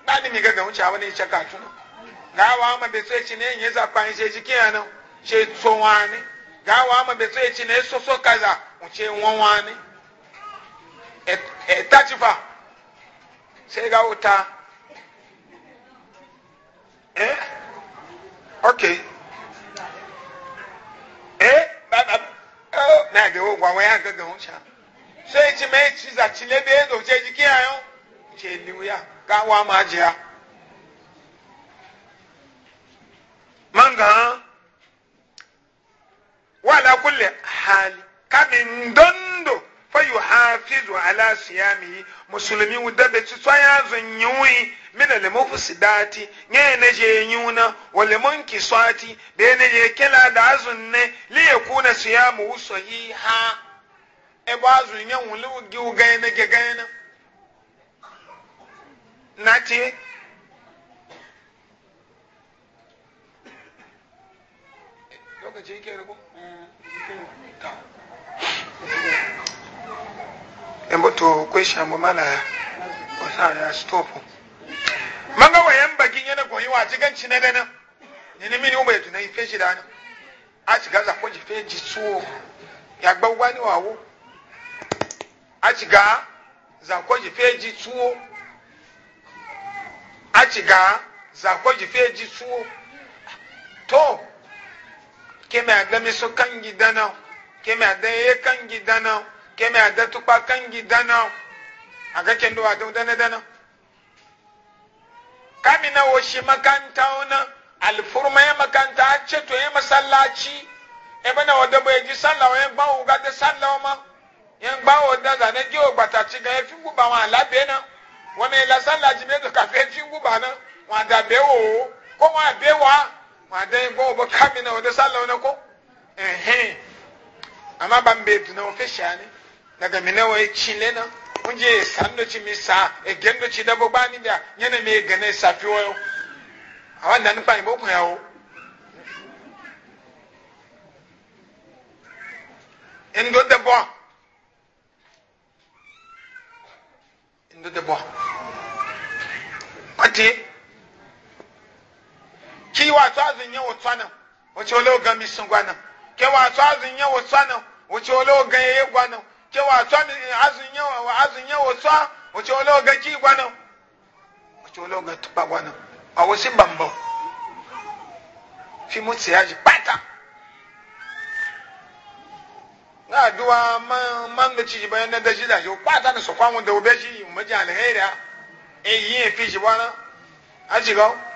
na ni mi ga ga wuce awani ce ka tuna ga wa ma be sai shine yin za pa shi ji kiya no she so wani ga wa ma be sai shine so so kaza wuce nwanwa ne etachi fa sai ga eh okay eh baba oh na ga wo gwa ya ga ga ho sha sai ti me ti za ti le be do je ji ki ayo je ni ya ka wa ma je ya manga wala kulli hali kamin ndondo. fayu hafizu ala siyami musulmi wuda da ci tsaya zan yiwuyi mina lemon fusidati nye na je yiwuna wa lemon kiswati da ya je kela da azun ne liya kuna siyamu wuso yi ha e ba azun yan wuli giwu gaya na ge na na lokaci rubu embuto kweshambo mana osaya stopu manga yana goyi wa jigan cine da nini mini na da a ci gaza ko jife ya gbagwa ni wawo a ci ga za ko jife ji tuwo a ci ga za ko jife ji tuwo to kemi agbemi so kan gidana kemi adaye kan gidana kemi ada tukpa kangi dana aga kendo ada dana dana kami na woshi makanta ona alfurma ya makanta acce to ya masallaci e na wada bai ji sallah wa ba u ga da sallah ma yan ba o da za ne ji o gbata ci ga fi guba wa labe na wa me la sallah ji me ka fe fi guba na wa da be o ko wa be wa wa da go ba kami na wada sallah na ko eh eh amma ban be tunan ofisha ne daga mina wai cile na kunje sandoci mi sa e gendoci da ba ni da nyene me gane safi wo a wannan nufa ni boko yawo en do de bo en do de bo kwate ki wa to azin yawo tsana wace wala ga mi sun gwana ke wa to azin yawo tsana wace wala ga yayi gwana ke wa tɔ ni azun wa azun nye wo tɔ o tse wolo ga ki gba na o tse wolo ga tukpa gba na awo si fi mu tse azi pata nga aduwa ma ciji bayan da shi da shi o da su kwamun da o bɛ si o a eyi efi fi shi na a gawo.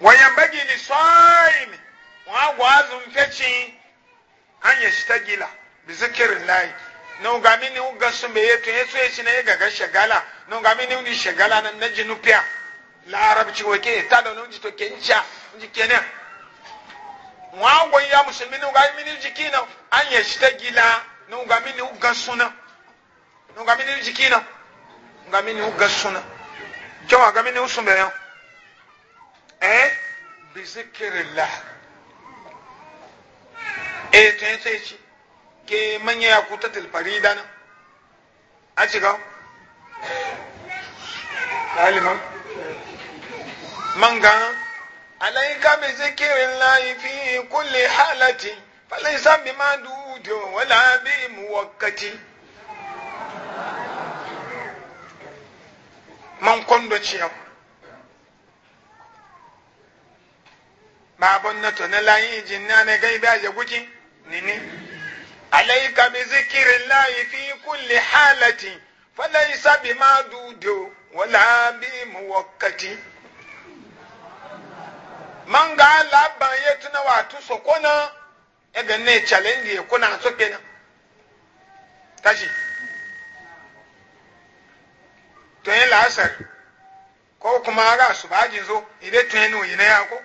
وينبغي للصائم وأغواز فتشي أن يشتغل بذكر الله nunga mini uga sumbe yetu yetu yetu na yega ga shagala mini undi shagala na naji nupia la arabci wake tada nunji to kencha nji kenya mwango ya mini uji kina an yashtagila nunga mini uga suna mini uji kina uga suna yau eh bi zikirillah eh tun yin sai ci ke manya ya kuta tilfari dana a shiga ɗaliban man gan alaika bi zikirillahi fi kulli halati falaisa bi ma dudu wala bi muwakkati man kondo ciyawa babon na to na layin jin na ne gai ba ya guki nini alayka bi zikrillahi fi kulli halati falaysa bima dudu wala bi muwakkati man ga laban ya tuna wato sokona e ga ne challenge ye kuna so kenan kashi to yin la'asar ko kuma ga su bajin zo ide to yin yi na yako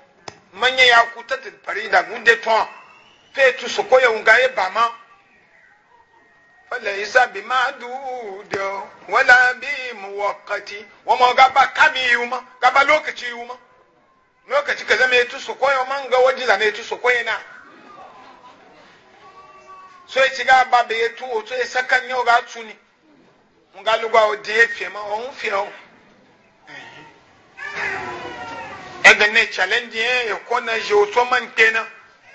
manya ya ku ta tilfari da gunde tuwa fetu su koya wunga ya e ba ma fala isa bi ma dudu wala bi muwakkati wa ma gaba kami ma gaba lokaci ma lokaci ka zama yetu su koya man ga waje zana yetu su koya na so ya e ci gaba bai yetu o so ya e sakan yau ga tuni mun ga lugwa o de ya fiye ma o hun fiye o ega ne challenge ye ye kona je oto man tena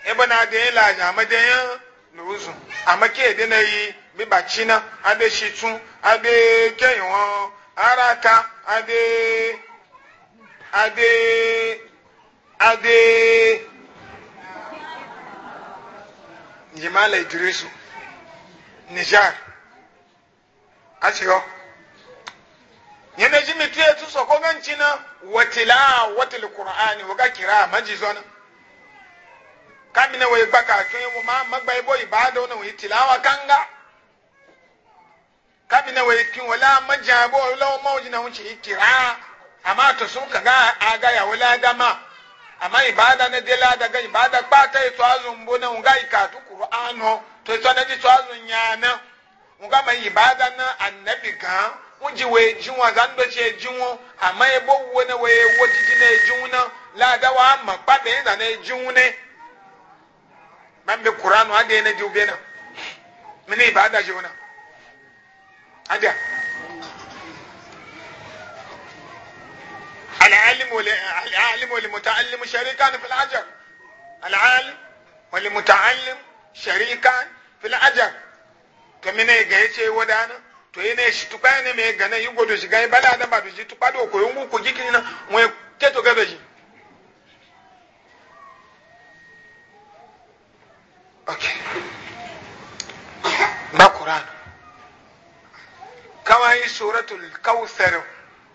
e bana de la ja ma ya nuzu ama ke de na yi bi ba china shi tun abe ke araka abe ade abe jimala idrisu nijar a ce yau yana ji mitu ya tu watila watil qur'ani wo ga kira maji zona kamina wai baka ka tun wo ma magba ibo ibado na wo tilawa kanga kamina wai ikin wala maja bo lo mo jina wo chi kira amma to sun kaga aga ya wala dama amma ibada na dela daga ibada kpata ito azun bo na wo ga ikatu qur'ano to ito na ji to azun yana wo ibada na annabi gan wuji wee jinwa zan che jiwa ama ebo wuwe na wee ewo jiji na ejinwu na laadawa ama kpata ịza na ejinwu ne ma mbe kuranu adịghị na jiwube na mini ba ada na adịa العالم العالم والمتعلم شريكان في الأجر العالم والمتعلم شريكان في الأجر كمن يجي ودانا to yi ne shi tukpa ne mai gana yi godo shi gani bala da ba doji tukpa da okoyi ngu ko jikini na nwe keto gado shi ok ba quran kama yi suratul kawthar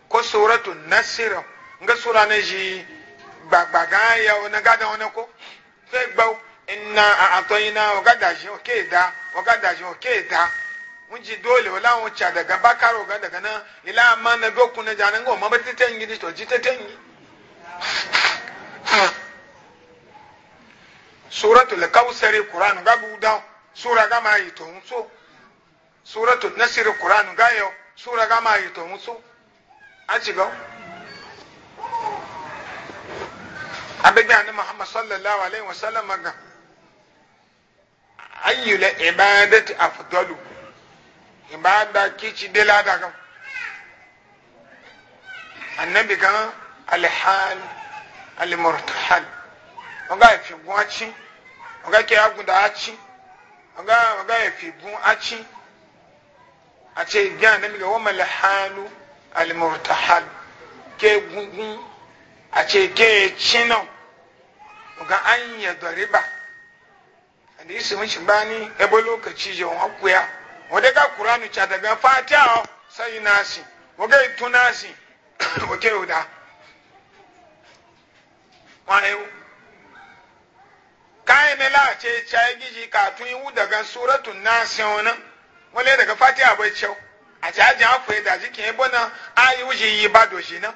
ko suratul nasir nga sura ne shi gbagba ga ya ona gada ona ko fe gbawo inna a atoyina ogadashi oke da ogadashi oke da mun ji dole wala wuce daga bakaro ga daga nan ila amma na ga kuna janan go mamba ta tangi ne to ji ta tangi suratul lakausari qur'an ga buda sura ga mai to so suratul nasir qur'an ga yo sura ga mai to so a ci ga abin annabi muhammad sallallahu alaihi wasallam ga ayyul ibadati afdalu ibada kici de lada kan annabi kan alhal almurtahal oga ifi gun achi oga ke agun da achi oga oga ifi gun achi ace ibi annabi ga wama alhalu almurtahal ke gungun ace ke chino oga an ya dariba hadisi mun shi bani ebo lokaci je wa kuya wode ga kuranu chadaga fatiha o sayi nasi woge itu nasi woge uda wayo kayan e na lace cayi gishi katun iwu daga suratun nasi wani wale daga fatiha bai e cewa a cajin afu da jikin ebo na ayi wuce yi ba doshi na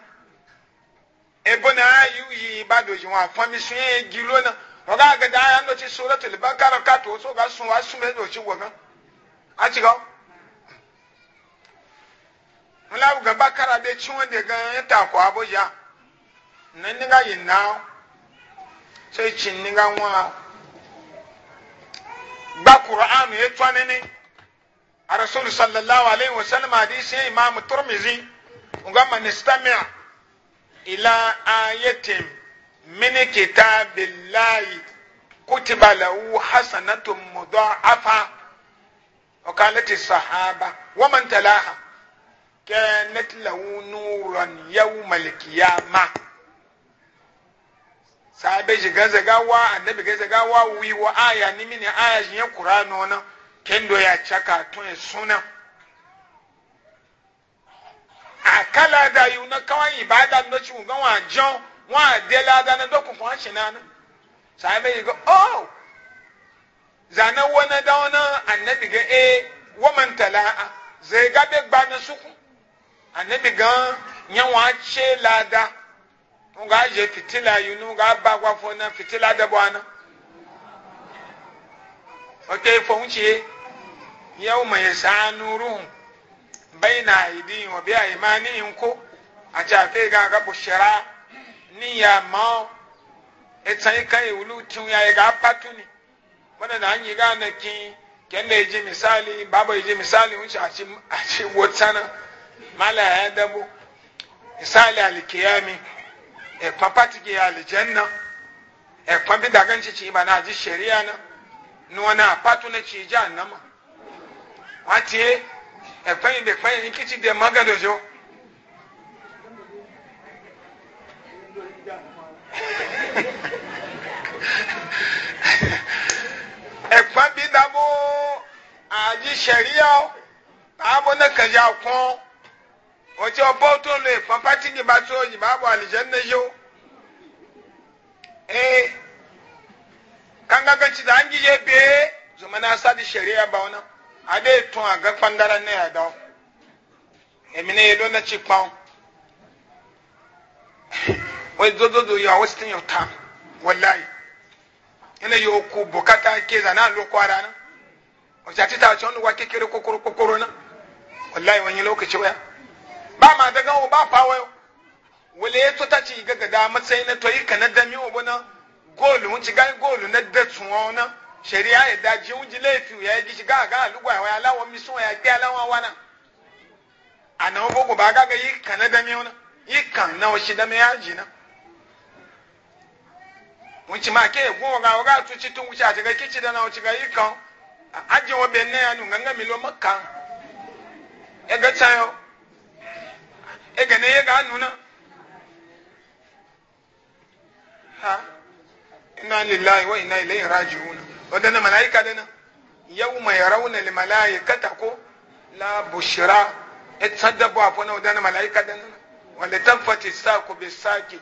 ebo na ayi yi ba doshi wa fami sun yi e gilo na waga ga da ayan doci suratul bakara kato so ga sun wa sun bai doshi wagan a ci gawo mula gaba kara be ci wanda ga ya ta ko abuja nan ni ga yin na sai cin ni ga wa ba qur'an ya twane ne a rasul sallallahu alaihi wasallam hadisi imam turmizi unga man istami' ila ayatin min kitabillahi kutiba lahu hasanatun mudha'afa وقالت الصحابة ومن تلاها كانت له نورا يوم القيامة sahabai shiga zagawa annabi ga zagawa wa aya ni mini aya shi ya kurano na kendo ya caka tun suna akala da yi na kawai ibada na ci ga wajen wa de lada na dokun kwanci na sahabai ga oh zana wani da annabi ga e waman tala'a zai gabe gba na suku annabi ga yawa ce lada ga je fitila yunu ga ba gwafo na fitila da bwana wata fahimci yau mai sa nuru bai na aidi wa biya imanihin ko a cafe ga ga bushira ni ya ma e ita kai e wulu ya e ga patu ne mana na hanyi ga na ki kenda yaje misali babu yaje misali wuce a ce a ci wotsana mala ya dabo misali alkiyami e papati ke aljanna e kwabi dagan ganci ci ba na ji shari'a na nuwana patu na ci jahannama wati e fayin e, da fayin kici da magadojo ẹ̀kpá bí dábò àdí sẹ̀ríyà àbò ní kẹjà kún wọ́n ti ọbọ̀ tó lè fọ́n pátí yìnbá tó yìnbá bọ̀ àlìjẹ́ ní yó ee kankankan ti dà ń yíyé bẹ́ẹ̀ zùmọ́nà sádi sẹ̀ríyà bá wọn adé tún àgàkpàndára ní ẹ̀dọ́ èmi ní yẹn lọ́nà tí kpọ́n wọ́n dododo yọ àwọn sitin yọ tán wọ́n láyé. ene yo ku bukata keza na lo kwara na o jati ta chon wa kekere kokoro kokoro na wallahi wani lokaci waya ba ma daga o ba fa wayo wale ya to ta ci gaga da matsayi na to yi kana da mi obona golu mun ci ga golu na da tun na sheria ya da ji un ji lefi ya ji ga ga lugwa ya lawo mi sun ya ke alawa wana ana o ogogo ba ga ga yi kana da mi na yi kan na o shi da mi ya ji na wuce ma ke go ga ga tu ci tun wuce a ga kici da na wuce ga yi kan aje wo be ne anu nganga mi lo kan e ga chayo e ga ne ye ka anu na ha ina lillahi wa inna ilaihi raji'un wadannan malaika dana yawma yarawna lil malaikata ko la bushra et sadda bo afona wadannan malaika dana wala tafati saku bisaki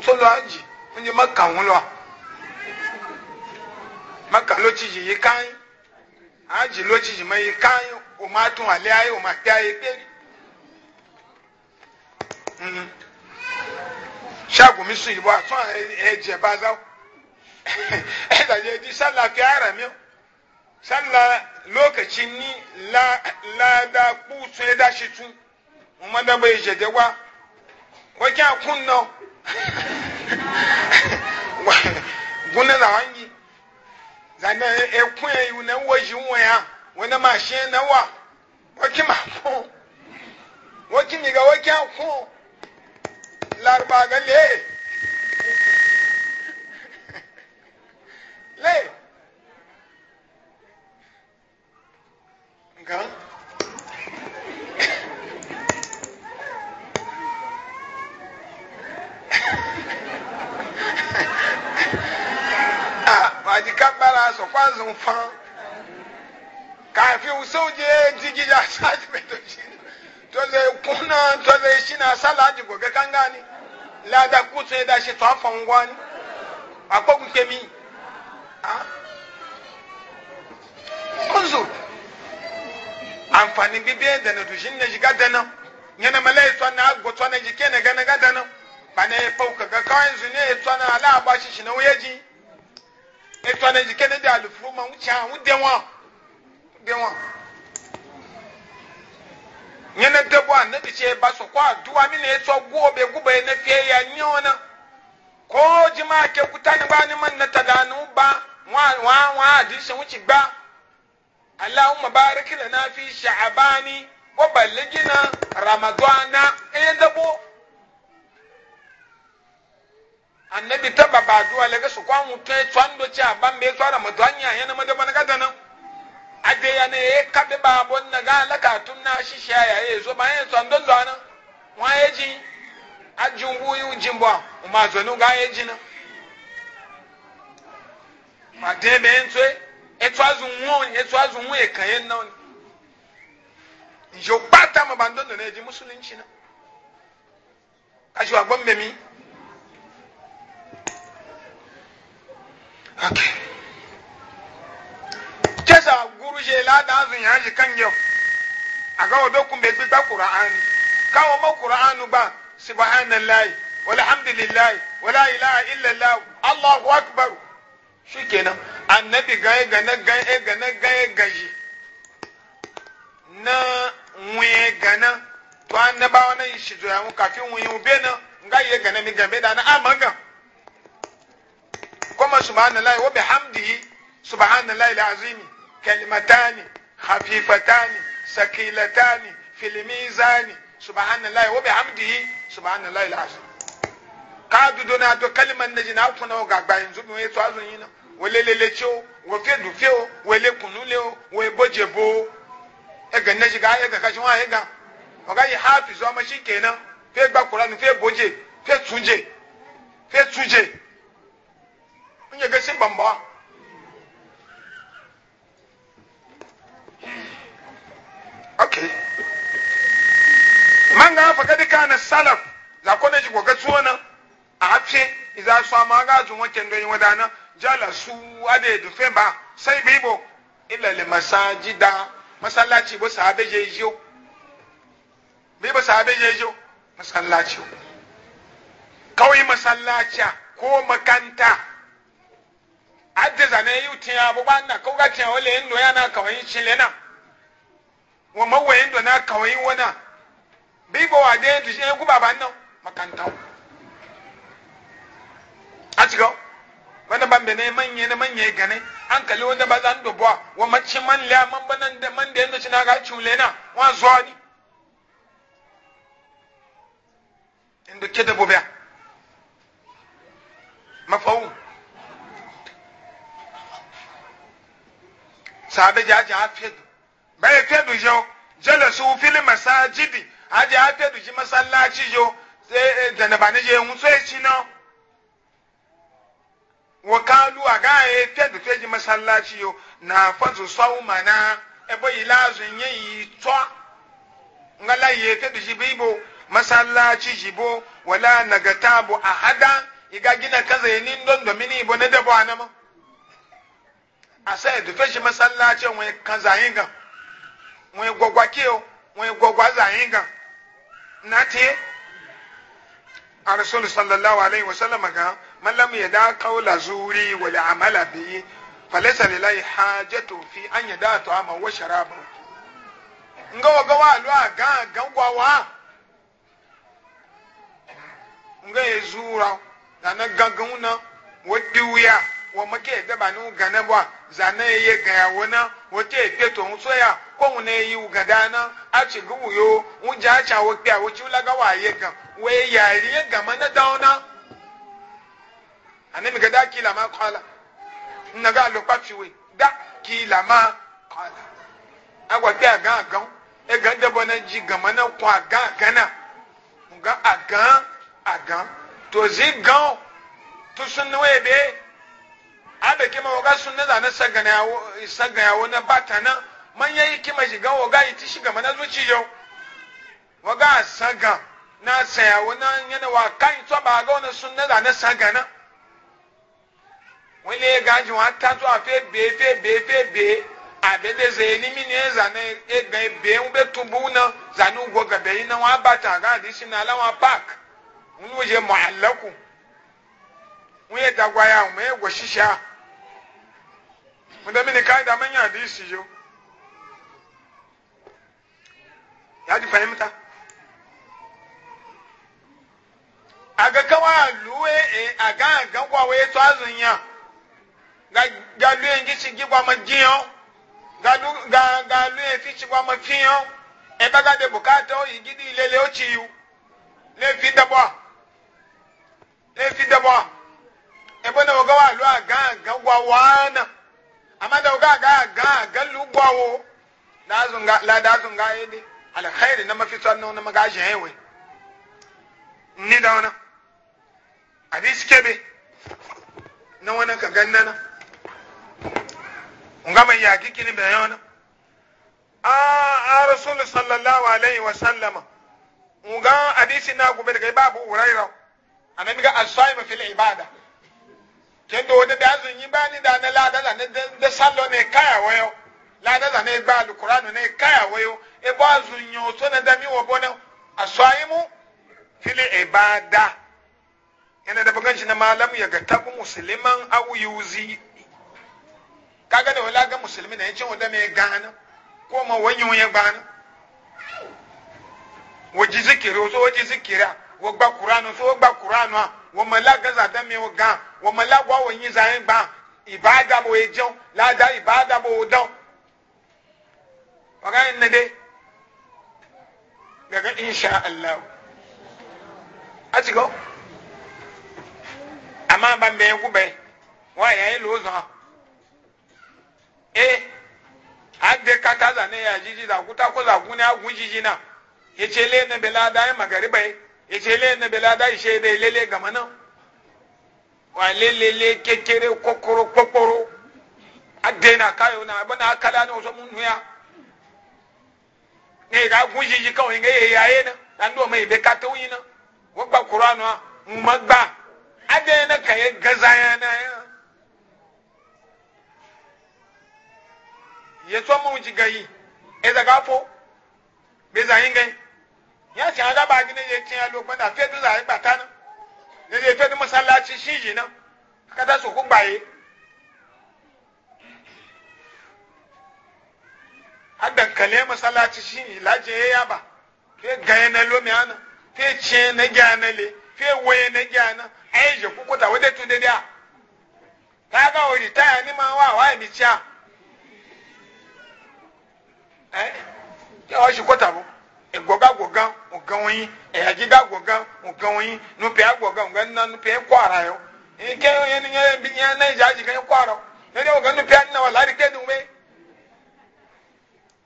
ntọ́ lọ àjì oúnjẹ má kà wọ́n lọ má kà ló jìjì yìí káyín àjì ló jìjì mọ́ yìí káyín o máa tún àlẹ́ ayé o máa tẹ́ ayé péré mhm. ṣáàgùn mi sùn ìbò àtún ẹ̀jẹ̀ bá dá o ẹ̀dàjẹ́ di sálàfi ara mi o sálà lókàtí ní ládàá kú tún ẹ̀dá ṣe tún mo má dábàá ìṣẹ̀dẹ̀ wá wọ́n kí á gúnlẹ̀ làwọn ń yí na ya ma shi na wa ma ni ga larba ga le le waji kabara so kwanza mfan kafi usoje jigija saji betoshi tole kuna tole shina salaji goge kangani la da kutse da shi tafa ngwani akogun kemi ah unzur amfani bibiye da na tushin na shiga da nan yana malai tuwa na agbo tuwa na jike na gana gada nan ba na ya fauka ga kawai zu ne ya tuwa na ala ba shi shi na wuya ji efa ne yike ne de alufuru ma ŋutsi hã ŋu de wɔn de wɔn nye ne de bɔ a ne de tse ba sɔkɔ aduwa mi na etsɔ gu be gu ne fie ya nye wɔn na ko dzima ke kuta ne ba ne ma ne ta da ne ba wɔn wɔn adi se ŋutsi gba alahuma baariki lana fi sha'abani wa baligina ramadana eye de bɔ. annabi taba ba duwa laga su kwan mutum tsan do ci ban anya tsara mutu hanya yana mada bana gata nan ade ya ne ya kabe ba bon na ga laka tun na shi sha ya ye zo bayan tsan ndo zuwa na. wa ya ji ajin buyu jimbo ma zanu ga ya ji nan ma de be en e twa zu won e twa zu won e kan yen nan njo pata ma bandon na ji musulunci nan kashi wa gbon me mi okay kesa guruje la da zun ya ji kan yau aga odo kun be gba qur'an ka wa ma qur'an ba subhanallahi walhamdulillahi wala ilaha illa allah allahu akbar shikenan annabi ga ga na ga ga na ga ga na nwe gana to annaba wannan shi zo ya mu kafin nwe ubena nga ye gana mi gambe da na amanga kuma subhanallahi wa bihamdihi subhanallahi alazim kalimatani khafifatani sakilatani fil mizani subhanallahi wa bihamdihi subhanallahi alazim ka dudo na to kalimar na jina tuna o gagba yanzu mi weto azun yin na welelele cho wo du kunu boje e ga na ka shwa e o ga yi hafi o ma shi kenan fe gba qur'an fe boje fe tunje fe tunje nye gasi bamba okay manga fakadi kana salaf za ko ne jigo gatsuwa na a afi iza su amaga ga jun wake ndo yin wadana jala su ade du fe ba sai bibo illa le masajida masallaci bo sahabe je yo bo sahabe je jiyo masallaci kawai masallaci ko makanta adde zane yi tiya abu ba na ko ga tiya wale ndo ya na kawai chile na wa ma we ndo na kawai na bi bo wa de ti e eh, ku baba no makanta a cikin wani wanda ban bene manye na manye gane an kali wanda ba zan dubuwa wa mace man la man banan da man da yanda cina ga chule na wa zuwa ni inda ke da bobiya mafawu sahabe ji aji afedu bai fedu jo jalasu fili masajidi aji afedu ji masallaci jo zanabani eh, eh, je hun so eci na wakalu a ga ya fedu ji masallaci jo na fazu sau e yi ebo nye yi to ngala ye fedu ji bibo masallaci jibo wala nagatabu ahada iga gina kaza yanin don domini ibo na dabo anama asa edufe shi masallaci wani kan zayin gan wani gwagwa kiyo wani gwagwa zayin gan na ti a rasulu sallallahu alaihi wasallam ga mallam ya da kaula zuri wal amala bi falesa lillahi hajatu fi an da to ama wa sharaba nga wa gawa gan aga gangwa wa nga ya zura da na gangan na wadiya wọn mọ kí ẹgbẹ́ bá ní gànà bọ́ zànà ẹyẹ gàyàwó náà wọ́n tẹ ẹgbẹ́ tó ń sọ́yà kóhun náà ẹyẹ wù gàdá náà àti gbogbo yòó ń jẹ́ àti àwọn pé àwọn tí wọ́n lága wà ayé gàn wọ́n ẹ mi la nnaga àlọ́pàá fiwe dá kí làmá kọ́ la. àgbà pé àgán àgán ẹgàn dẹ́bọ̀ náà jí gàn mọ́ náà kọ́ àgán àgán náà àgán abe kima woga sunna za na sagana yawo na bata na manya yi kima shiga woga yi ti shiga mana zuci yau woga saga na sayawo na yana wa kan to ba ga wani sunna za na sagana wani ya gaji wa ta to a fe be fe be be a be da zai ni mini ya zane e ga e be un be tubu na zane ugo ga be na wa bata ga di shi na lawa park wani wuje mu'allaku wani ya dagwaya wani ya gwashisha munda mini kaida manya hadisi yo yaji fahimta aga kawa luwe e aga ga kwa we to azun ya ga ga luwe ngi ci gwa ma jiyo ga lu ga ga luwe fi ci gwa ma fiyo e baga de bukata o yigidi lele o ciyu le fi dabo le fi dabo e bona ga wa lu aga ga kwa wana amma da ga ga ga gan lugwawo da ga la da ga yede alkhairi na mafi sanno na maga jewe ni da wannan hadis kebe na wannan ka gannana unga mai ya bayan wannan a rasul sallallahu alaihi wa sallama unga hadisi na gobe daga babu uraira anan ga as saima fil ibada kendo wode da azun yi ni da na lada da da sallo ne kaya wayo lada da ne gba alqur'anu ne kaya wayo e bo azun yo to na da mi wo bona asaimu fil ibada ina da baganci na malam ya ga tabu musliman aw yuzi kaga ne wala ga musulmi ne yace wada me gana ko ma wanyo ya gana waji zikiri so waji zikira wo gba qur'anu so wo gba qur'anu wo malaga za da mi wo gana wọn mọ lágbọ́ wọ́n yin zan gbà ìbádàbò ejọ́ ládàá ìbádàbò dán ọ̀gá yẹn nàdé insha allah a ti gọ́ àmà bá mbẹ́ kú bẹ́ wọ́n àyà yẹn lòó zàn adé kata zan ne yà jíjí zan kúta kó zan kún agún jíjí náà ne ládàá yẹn magariba yẹ yẹ ne ládàá yẹ tiẹ́ lé lele gàmánà. wa lelele kekere kokoro kokoro adena kayo na bana akala na so munhu ya ne ga gunji ji kawo nge ya ye na dan do mai be ka to yin na wo gba qur'anu wa mu magba adena kaye gaza ya na ya ye to mu ji gayi e da gafo be za yin gai ya ti aga ba gine ye ti alo gbanda fe do za gba ta na ne zai ta da masallaci shi ji nan ka ta so ku baye a dankale masallaci shi ne laje ya yaba fe gaya na lomi ana fe ce na gyana le fe waye na gyana a yi je kukuta wadda tu da da ka ga wani taya ni ma wa wa ni cha eh ya wa shi kota bu egoga goga ugawi eyajiga goga ugawi nupe agoga uganna nupe kwara yo ike yeni ye binya na jaji kan kwara nere oga nupe anna wala rike duwe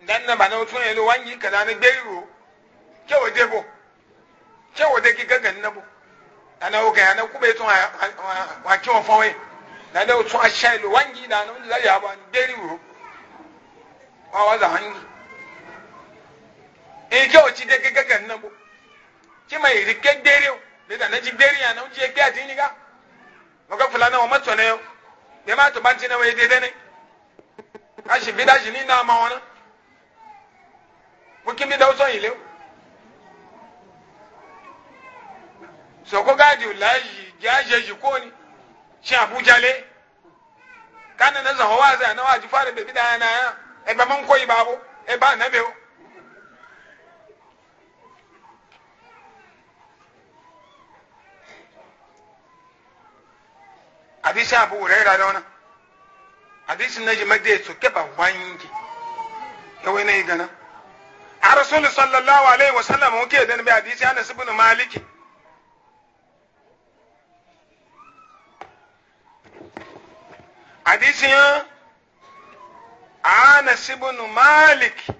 dan na bana otun elo wanyi kada na gbeiro ke ode bo ke ode ki gagan na bo ana oga ana kube tun wa ki on fawe na da a asha elo wanyi da na da ya ba gbeiro wa wa za hanyi ike oci de keke kan nabo kima iri ke dere de da naji dere ya na uji ke atini ga maka fulana wa mato ne de ma to banti na we de de ne ashi bi da shi ni na ma wona ko kimi da uso ile so ko gadi ulaji jaje jikoni shi abuja le kana na zahawa za na waji fara bebi da na ya e ba man koyi babo e ba na o. hadisi abu huraira da wani hadisin na jima da su keba wanki yawai na yi gana a rasulu sallallahu alaihi wa wasallam muke da nabi hadisi anas ibn maliki hadisin ya anas ibn maliki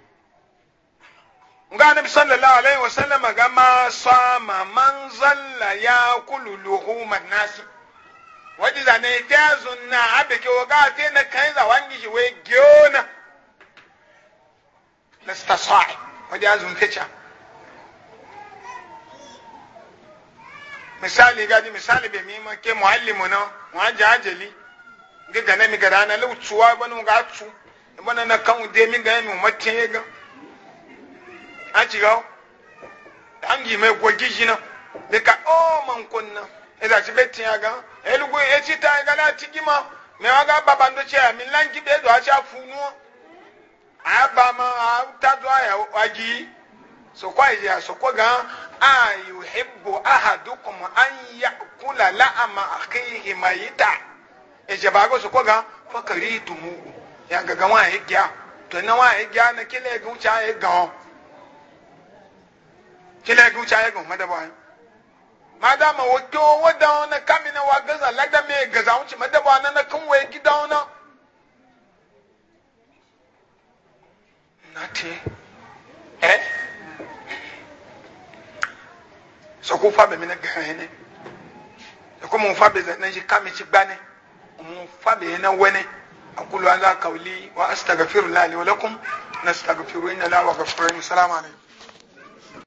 nga bi sallallahu alaihi wa wasallam ga ma sama man zalla ya kulu luhuman nasi wadi za ne ta zunna abe ke waga te na kan za wangi shi we na lasta sa'i wadi ya zun kecha misali gadi misali be mi ma ke muallimu na wa jajali ga gane mi gara na lutuwa bana ga tu bana na kan de mi ga mi matin ga a ci ga an gi mai gogi jina daga o oh, man kunna eza ti be tiɲa gan elugu etsi ta gana tigi ma mɛ waga baba ŋdɔ tse mi lanji be do atsi afu nuɔ aba ma ata do aya wadzi sɔkɔ ayi ya sɔkɔ gan a yuhibu ahadukum an yakula la ama ta mayita ejaba ko sɔkɔ gan fakari tumu ya gaga wa ye gya to na wa ye gya ne kele gun tsa ye gan kele gun tsa ye gan o ma dabɔ ayi. madama wato wada na kamina wa gaza lada me gaza wuce madaba na na kan waye gida wana na te eh so ko fa be mina gahe ne so ko mun fa be na ji kami ci gbane mun fa be na wene aqulu ala qawli wa astaghfirullah li wa lakum nastaghfiru inna la wa ghafurun salamu alaykum